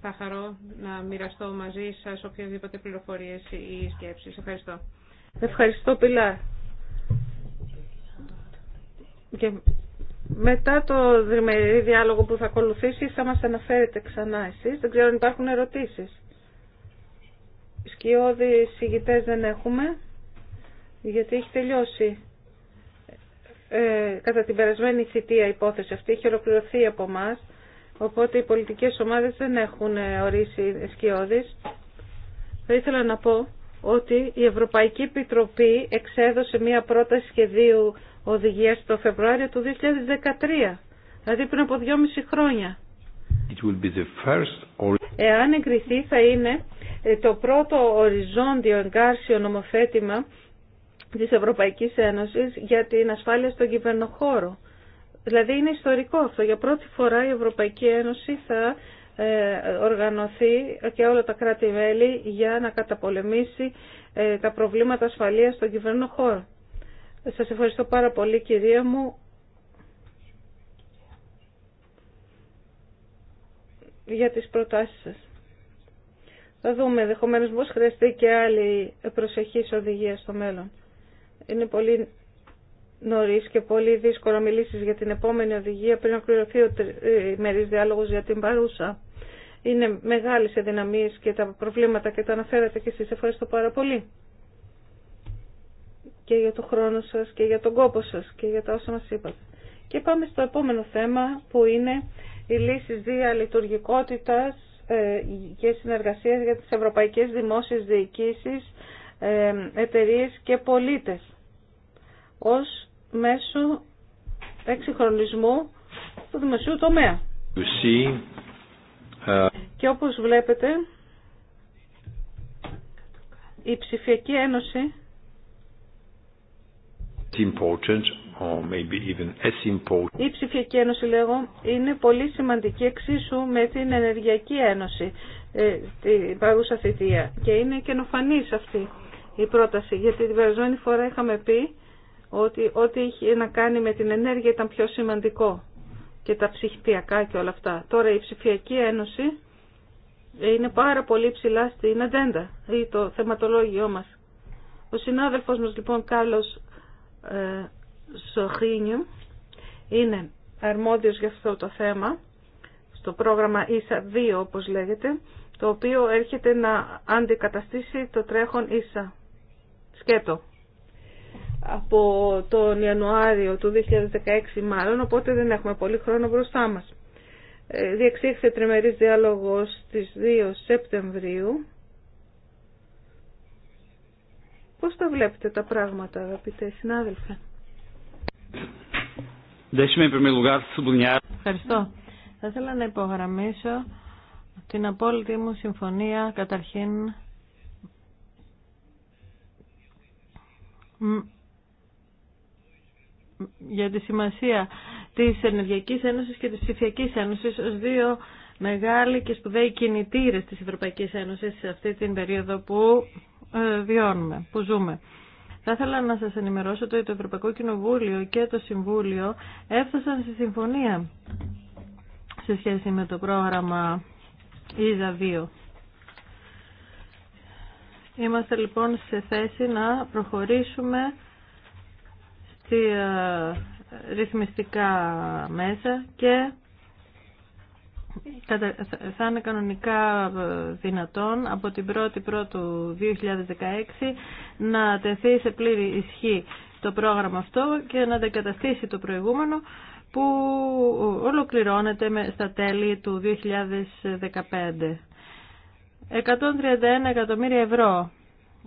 [SPEAKER 1] Θα χαρώ να μοιραστώ μαζί σας οποιαδήποτε πληροφορίες ή σκέψεις. Ευχαριστώ. Ευχαριστώ, Πιλά. Και μετά το διμερή διάλογο που θα ακολουθήσει θα μας αναφέρετε ξανά εσείς. Δεν ξέρω αν υπάρχουν ερωτήσεις. Σκιώδη ηγητές δεν έχουμε, γιατί έχει τελειώσει. Ε, κατά την περασμένη θητεία υπόθεση αυτή έχει ολοκληρωθεί από εμά, οπότε οι πολιτικές ομάδες δεν έχουν ορίσει σκιώδης. Θα ήθελα να πω ότι η Ευρωπαϊκή Επιτροπή εξέδωσε μία πρόταση σχεδίου οδηγίας το Φεβρουάριο του 2013, δηλαδή πριν από δυόμιση χρόνια. Εάν εγκριθεί θα είναι ε, το πρώτο οριζόντιο εγκάρσιο νομοθέτημα της Ευρωπαϊκής Ένωσης για την ασφάλεια στον κυβερνοχώρο. Δηλαδή είναι ιστορικό αυτό. Για πρώτη φορά η Ευρωπαϊκή Ένωση θα ε, οργανωθεί και όλα τα κράτη-μέλη για να καταπολεμήσει ε, τα προβλήματα ασφαλείας στον κυβερνοχώρο. Σας ευχαριστώ πάρα πολύ κυρία μου. για τις προτάσεις σας. Θα δούμε ενδεχομένω πώ χρειαστεί και άλλη προσεχή οδηγία στο μέλλον. Είναι πολύ νωρί και πολύ δύσκολο μιλήσει για την επόμενη οδηγία πριν ολοκληρωθεί ο ε, ημερή διάλογο για την παρούσα. Είναι μεγάλε οι δυναμίε και τα προβλήματα και τα αναφέρατε και εσεί. Ευχαριστώ πάρα πολύ. Και για τον χρόνο σα και για τον κόπο σα και για τα όσα μα είπατε. Και πάμε στο επόμενο θέμα που είναι οι λύσεις διαλειτουργικότητας ε, και συνεργασίες για τις ευρωπαϊκές δημόσιες διοικήσεις, ε, Εταιρείες και πολίτες ως μέσο εξυγχρονισμού του δημοσίου τομέα. See, ε, Και όπως βλέπετε, η ψηφιακή ένωση η ψηφιακή ένωση λέγω είναι πολύ σημαντική εξίσου με την ενεργειακή ένωση ε, την παρούσα θητεία και είναι καινοφανή αυτή η πρόταση γιατί την περασμένη φορά είχαμε πει ότι ό,τι είχε να κάνει με την ενέργεια ήταν πιο σημαντικό και τα ψηφιακά και όλα αυτά. Τώρα η ψηφιακή ένωση είναι πάρα πολύ ψηλά στην ατζέντα ή το θεματολόγιο μα. Ο συνάδελφος μα λοιπόν Κάλλος ε, Σοχίνιου είναι αρμόδιος για αυτό το θέμα, στο πρόγραμμα ΙΣΑ 2 όπως λέγεται, το οποίο έρχεται να αντικαταστήσει το τρέχον ΙΣΑ. Σκέτο. Από τον Ιανουάριο του 2016 μάλλον, οπότε δεν έχουμε πολύ χρόνο μπροστά μας. Ε, διεξήχθη τριμερής διάλογος στις 2 Σεπτεμβρίου. Πώς τα βλέπετε τα πράγματα αγαπητέ συνάδελφε. Ευχαριστώ. Θα ήθελα να υπογραμμίσω την απόλυτη μου συμφωνία καταρχήν για τη σημασία της Ενεργειακής Ένωσης και της Ψηφιακής Ένωσης ως δύο μεγάλοι και σπουδαίοι κινητήρες της Ευρωπαϊκής Ένωσης σε αυτή την περίοδο που ε, βιώνουμε, που ζούμε. Θα ήθελα να σας ενημερώσω ότι το Ευρωπαϊκό Κοινοβούλιο και το Συμβούλιο έφτασαν στη συμφωνία σε σχέση με το πρόγραμμα ΙΖΑ 2. Είμαστε λοιπόν σε θέση να προχωρήσουμε στη ε, ρυθμιστικά μέσα και θα είναι κανονικά ε, δυνατόν από την 1η Πρώτου 2016 να τεθεί σε πλήρη ισχύ το πρόγραμμα αυτό και να αντικαταστήσει το προηγούμενο που ολοκληρώνεται στα τέλη του 2015. 131 εκατομμύρια ευρώ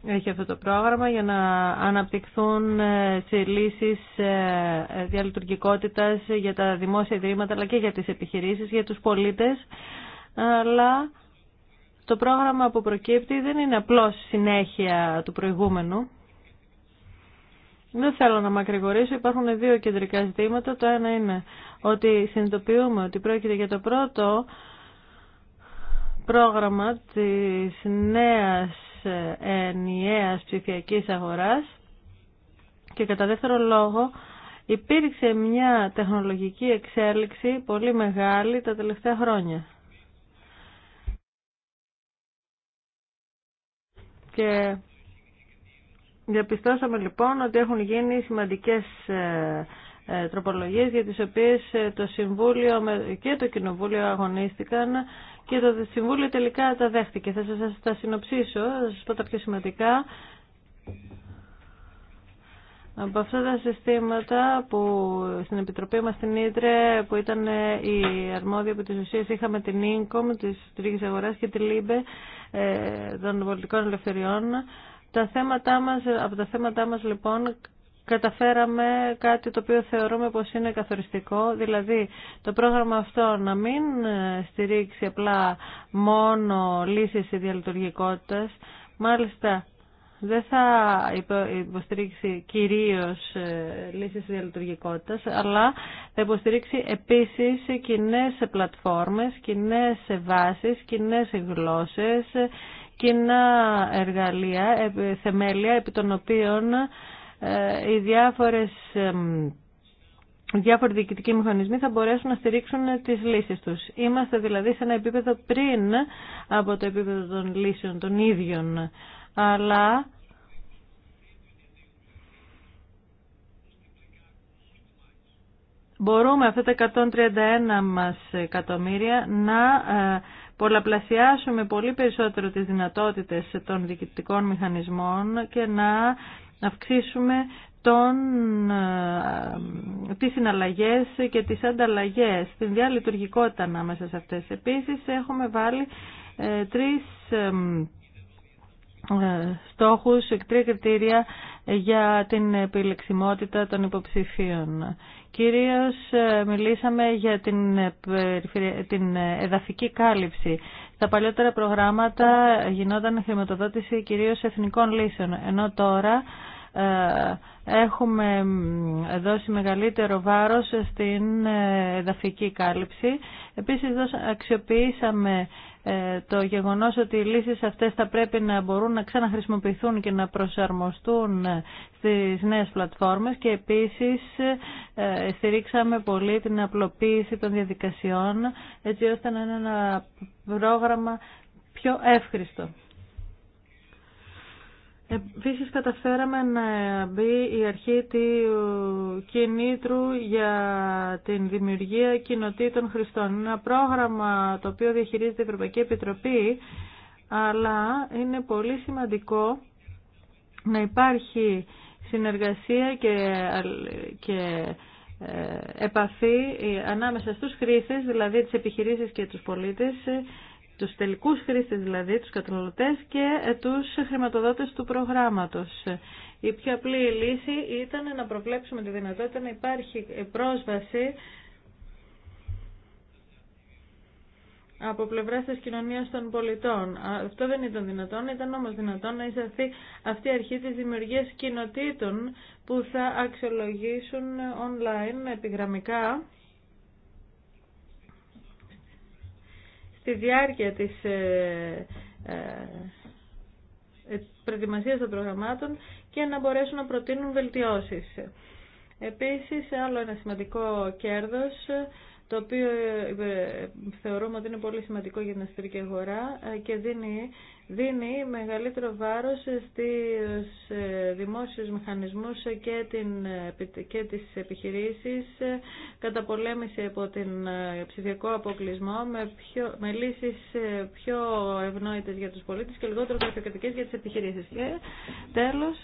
[SPEAKER 1] έχει αυτό το πρόγραμμα για να αναπτυχθούν ε, σε λύσεις ε, ε, διαλειτουργικότητας για τα δημόσια ιδρύματα αλλά και για τις επιχειρήσεις, για τους πολίτες. Αλλά το πρόγραμμα που προκύπτει δεν είναι απλώς συνέχεια του προηγούμενου. Δεν θέλω να μακρηγορήσω, υπάρχουν δύο κεντρικά ζητήματα. Το ένα είναι ότι συνειδητοποιούμε ότι πρόκειται για το πρώτο πρόγραμμα της νέας ενιαίας ψηφιακής αγοράς και κατά δεύτερο λόγο υπήρξε μια τεχνολογική εξέλιξη πολύ μεγάλη τα τελευταία χρόνια. Και διαπιστώσαμε λοιπόν ότι έχουν γίνει σημαντικές ε, ε, τροπολογίες για τις οποίες ε, το Συμβούλιο και το Κοινοβούλιο αγωνίστηκαν και το Συμβούλιο τελικά τα δέχτηκε. Θα σας τα συνοψίσω, θα σας πω τα πιο σημαντικά. Από αυτά τα συστήματα που στην Επιτροπή μας στην Ήτρε, που ήταν ε, η αρμόδια από τις ουσίες, είχαμε την ΙΝΚΟΜ, της Τρίγης Αγοράς και τη Λίμπε των πολιτικών ελευθεριών. Τα θέματά μας, από τα θέματά μας λοιπόν καταφέραμε κάτι το οποίο θεωρούμε πως είναι καθοριστικό, δηλαδή το πρόγραμμα αυτό να μην ε, στηρίξει απλά μόνο λύσεις ιδιαλειτουργικότητας, μάλιστα δεν θα υποστηρίξει κυρίως ε, λύσεις διαλειτουργικότητας, αλλά θα υποστηρίξει επίσης κοινέ πλατφόρμες, κοινέ βάσεις, κοινέ γλώσσες, κοινά εργαλεία, θεμέλια επί των οποίων ε, οι διάφορες διάφοροι διοικητικοί μηχανισμοί θα μπορέσουν να στηρίξουν τις λύσεις τους. Είμαστε δηλαδή σε ένα επίπεδο πριν από το επίπεδο των λύσεων των ίδιων. Αλλά μπορούμε αυτά τα 131 μα εκατομμύρια να ε, πολλαπλασιάσουμε πολύ περισσότερο τις δυνατότητες των διοικητικών μηχανισμών και να να αυξήσουμε τον ε, τις συναλλαγές και τις ανταλλαγές, την διαλειτουργικότητα ανάμεσα σε αυτές. Επίσης έχουμε βάλει ε, τρεις ε, ε, στόχους, τρία κριτήρια για την επιλεξιμότητα των υποψηφίων. Κυρίως μιλήσαμε για την, την εδαφική κάλυψη. Στα παλιότερα προγράμματα γινόταν χρηματοδότηση κυρίως εθνικών λύσεων, ενώ τώρα ε, έχουμε δώσει μεγαλύτερο βάρος στην ε, εδαφική κάλυψη. Επίσης αξιοποιήσαμε ε, το γεγονός ότι οι λύσεις αυτές θα πρέπει να μπορούν να ξαναχρησιμοποιηθούν και να προσαρμοστούν στις νέες πλατφόρμες και επίσης στηρίξαμε πολύ την απλοποίηση των διαδικασιών έτσι ώστε να είναι ένα πρόγραμμα πιο εύχριστο. Επίση, καταφέραμε να μπει η αρχή του κινήτρου για την δημιουργία κοινοτήτων χρηστών. Είναι ένα πρόγραμμα το οποίο διαχειρίζεται η Ευρωπαϊκή Επιτροπή, αλλά είναι πολύ σημαντικό να υπάρχει συνεργασία και, και ε, επαφή ανάμεσα στους χρήστες, δηλαδή τις επιχειρήσεις και τους πολίτες τους τελικούς χρήστες δηλαδή, τους καταναλωτές και ε, τους χρηματοδότες του προγράμματος. Η πιο απλή λύση ήταν να προβλέψουμε τη δυνατότητα να υπάρχει ε, πρόσβαση από πλευρά της κοινωνία των πολιτών. Αυτό δεν ήταν δυνατόν, ήταν όμως δυνατόν να εισαρθεί αυτή η αρχή της δημιουργίας κοινοτήτων που θα αξιολογήσουν online επιγραμμικά στη διάρκεια της ε, ε, ε, προετοιμασίας των προγραμμάτων και να μπορέσουν να προτείνουν βελτιώσεις. Επίσης, άλλο ένα σημαντικό κέρδος το οποίο ε, ε, θεωρούμε ότι είναι πολύ σημαντικό για την εσωτερική αγορά ε, και δίνει, δίνει μεγαλύτερο βάρος στις δημόσιους μηχανισμούς και, την, και τις επιχειρήσεις πολέμηση από την ψηφιακό αποκλεισμό με, πιο, με λύσεις πιο ευνόητες για τους πολίτες και λιγότερο γραφειοκρατικές για τις επιχειρήσεις. Και τέλος,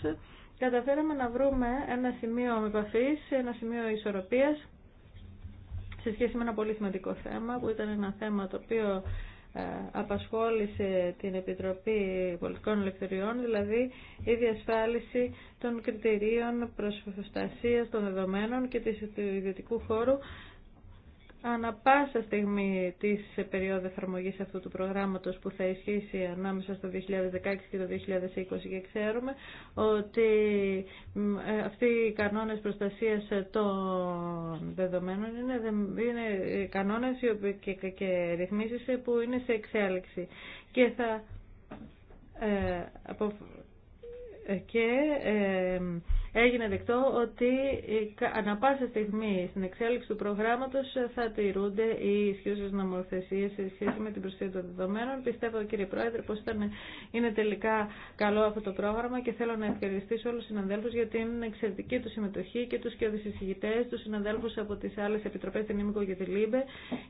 [SPEAKER 1] καταφέραμε να βρούμε ένα σημείο επαφή, ένα σημείο ισορροπίας σε σχέση με ένα πολύ σημαντικό θέμα που ήταν ένα θέμα το οποίο ε, απασχόλησε την Επιτροπή Πολιτικών Ελευθεριών, δηλαδή η διασφάλιση των κριτηρίων προστασία των δεδομένων και της ιδιωτικού χώρου ανα πάσα στιγμή της περίοδου εφαρμογή αυτού του προγράμματος που θα ισχύσει ανάμεσα στο 2016 και το 2020 και ξέρουμε ότι ε, αυτοί οι κανόνες προστασίας των δεδομένων είναι, είναι κανόνες και, και, ρυθμίσεις που είναι σε εξέλιξη και θα ε, απο, ε, και ε, έγινε δεκτό ότι ανα πάσα στιγμή στην εξέλιξη του προγράμματο θα τηρούνται οι ισχύουσες νομοθεσίες σε σχέση με την προστασία των δεδομένων. Πιστεύω κύριε Πρόεδρε πως είναι τελικά καλό αυτό το πρόγραμμα και θέλω να ευχαριστήσω όλου του συναδέλφους για την εξαιρετική του συμμετοχή και τους και οδησυσυγητές, του συναδέλφους από τις άλλες επιτροπές την Ήμικο και τη ΛΥΜΠΕ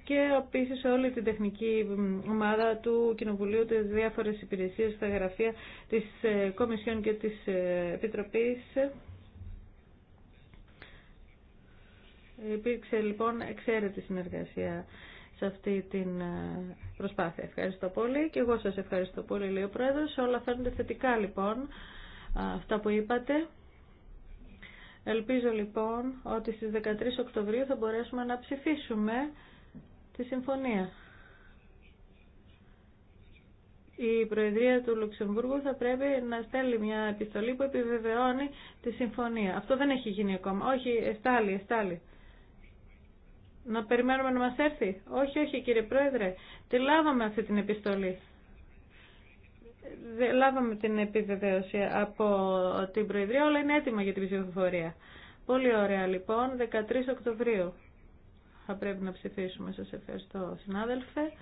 [SPEAKER 1] και επίση όλη την τεχνική ομάδα του Κοινοβουλίου, τις διάφορες υπηρεσίες, τα γραφεία της ε, Κομισιόν και της ε, Επιτροπής. Υπήρξε λοιπόν εξαίρετη συνεργασία σε αυτή την ε, προσπάθεια. Ευχαριστώ πολύ και εγώ σας ευχαριστώ πολύ, λέει ο Πρόεδρος. Όλα φαίνονται θετικά λοιπόν αυτά που είπατε. Ελπίζω λοιπόν ότι στις 13 Οκτωβρίου θα μπορέσουμε να ψηφίσουμε τη συμφωνία. Η Προεδρία του Λουξεμβούργου θα πρέπει να στέλνει μια επιστολή που επιβεβαιώνει τη συμφωνία. Αυτό δεν έχει γίνει ακόμα. Όχι, εστάλει, εστάλει. Να περιμένουμε να μας έρθει. Όχι, όχι κύριε Πρόεδρε. Τη λάβαμε αυτή την επιστολή. Λάβαμε την επιβεβαίωση από την Προεδρία. Όλα είναι έτοιμα για την ψηφοφορία. Πολύ ωραία λοιπόν. 13 Οκτωβρίου θα πρέπει να ψηφίσουμε. Σας ευχαριστώ συνάδελφε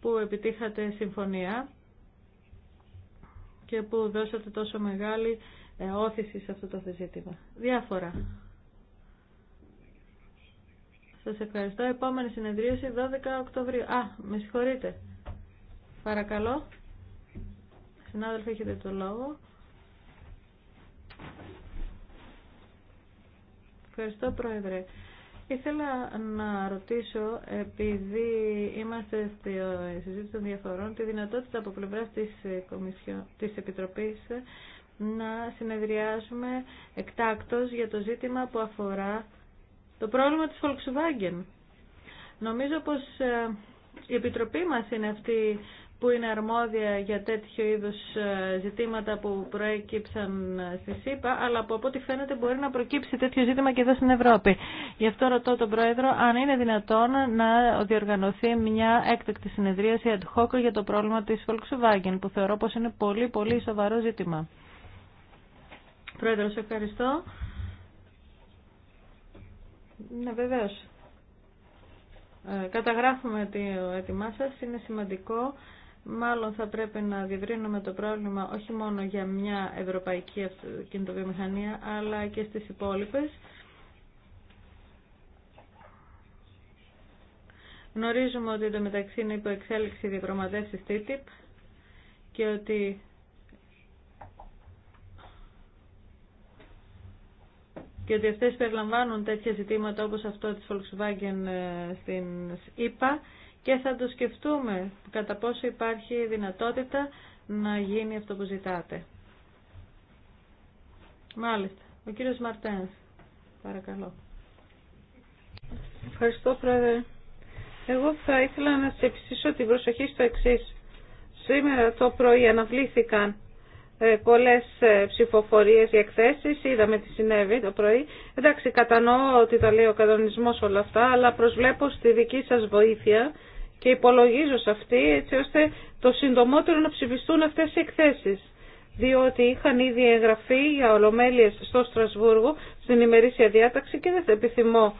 [SPEAKER 1] που επιτύχατε συμφωνία και που δώσατε τόσο μεγάλη ε, όθηση σε αυτό το ζήτημα. Διάφορα. Σας ευχαριστώ. Επόμενη συνεδρίαση 12 Οκτωβρίου. Α, με συγχωρείτε. Παρακαλώ. Συνάδελφοι, έχετε το λόγο. Ευχαριστώ, Πρόεδρε. Ήθελα να ρωτήσω, επειδή είμαστε στη συζήτηση των διαφορών, τη δυνατότητα από πλευρά της, της Επιτροπής να συνεδριάσουμε εκτάκτως για το ζήτημα που αφορά το πρόβλημα της Volkswagen. Νομίζω πως ε, η Επιτροπή μας είναι αυτή που είναι αρμόδια για τέτοιο είδους ε, ζητήματα που προέκυψαν ε, στη ΣΥΠΑ, αλλά από ό,τι φαίνεται μπορεί να προκύψει τέτοιο ζήτημα και εδώ στην Ευρώπη. Γι' αυτό ρωτώ τον Πρόεδρο αν είναι δυνατόν να διοργανωθεί μια έκτακτη συνεδρίαση ad hoc για το πρόβλημα της Volkswagen, που θεωρώ πως είναι πολύ πολύ σοβαρό ζήτημα. Πρόεδρο, σε ευχαριστώ. Ναι, βεβαίω. Ε, καταγράφουμε το έτοιμά σα. Είναι σημαντικό. Μάλλον θα πρέπει να διευρύνουμε το πρόβλημα όχι μόνο για μια ευρωπαϊκή κινητοβιομηχανία, αλλά και στις υπόλοιπες. Γνωρίζουμε ότι το μεταξύ είναι υπό εξέλιξη διαπραγματεύσει TTIP και ότι και ότι αυτές περιλαμβάνουν τέτοια ζητήματα όπως αυτό της Volkswagen ε, στην ΕΠΑ και θα το σκεφτούμε κατά πόσο υπάρχει δυνατότητα να γίνει αυτό που ζητάτε. Μάλιστα. Ο κύριος Μαρτένς, παρακαλώ. Ευχαριστώ, Πρόεδρε. Εγώ θα ήθελα να σε επιστήσω την προσοχή στο εξής. Σήμερα το πρωί αναβλήθηκαν ε, πολλές ε, ψηφοφορίες για εκθέσεις, είδαμε τι συνέβη το πρωί. Εντάξει, κατανοώ ότι τα λέει ο κανονισμός όλα αυτά, αλλά προσβλέπω στη δική σας βοήθεια και υπολογίζω σε αυτή, έτσι ώστε το συντομότερο να ψηφιστούν αυτές οι εκθέσεις. Διότι είχαν ήδη εγγραφεί για ολομέλειες στο Στρασβούργο, στην ημερήσια διάταξη και δεν θα επιθυμώ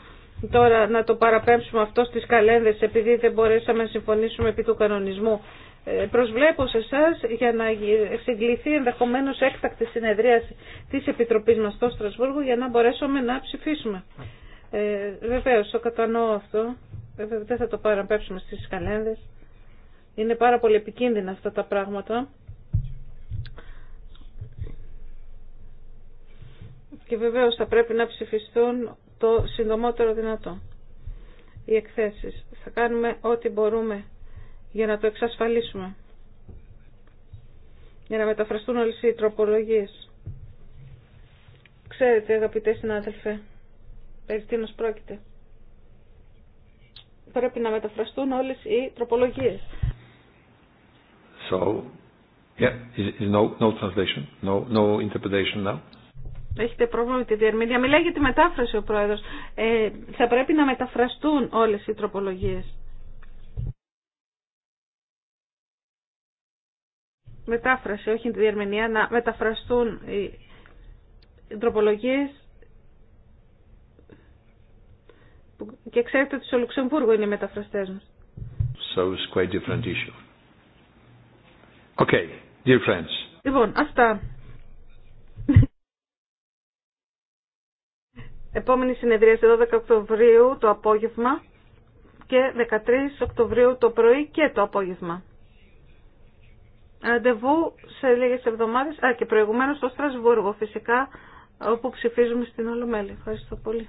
[SPEAKER 1] τώρα να το παραπέμψουμε αυτό στις καλένδες επειδή δεν μπορέσαμε να συμφωνήσουμε επί του κανονισμού ε, προσβλέπω σε εσά για να συγκληθεί ενδεχομένω έκτακτη συνεδρία τη επιτροπή μα στο Στρασβούργο για να μπορέσουμε να ψηφίσουμε. Ε, βεβαίως, το κατανοώ αυτό. Ε, δεν θα το παραπέψουμε στι καλένδες. Είναι πάρα πολύ επικίνδυνα αυτά τα πράγματα. Και βεβαίω θα πρέπει να ψηφιστούν το συντομότερο δυνατό. Οι εκθέσεις. Θα κάνουμε ό,τι μπορούμε για να το εξασφαλίσουμε. Για να μεταφραστούν όλες οι τροπολογίες. Ξέρετε αγαπητέ συνάδελφε, περί τίνος πρόκειται. Πρέπει να μεταφραστούν όλες οι τροπολογίες. So, yeah, is no, no translation, no, no interpretation now. Έχετε πρόβλημα με τη διερμηνία. Μιλάει για τη μετάφραση ο πρόεδρος. Ε, θα πρέπει να μεταφραστούν όλες οι τροπολογίες. μετάφραση, όχι τη διερμηνία, να μεταφραστούν οι τροπολογίες και ξέρετε ότι στο Λουξεμβούργο είναι οι μεταφραστές μας. So it's quite different issue. Okay, dear friends. Λοιπόν, αυτά. Επόμενη συνεδρία σε 12 Οκτωβρίου το απόγευμα και 13 Οκτωβρίου το πρωί και το απόγευμα ραντεβού σε λίγες εβδομάδες, α και προηγουμένως στο Στρασβούργο φυσικά, όπου ψηφίζουμε στην Ολομέλη. Ευχαριστώ πολύ.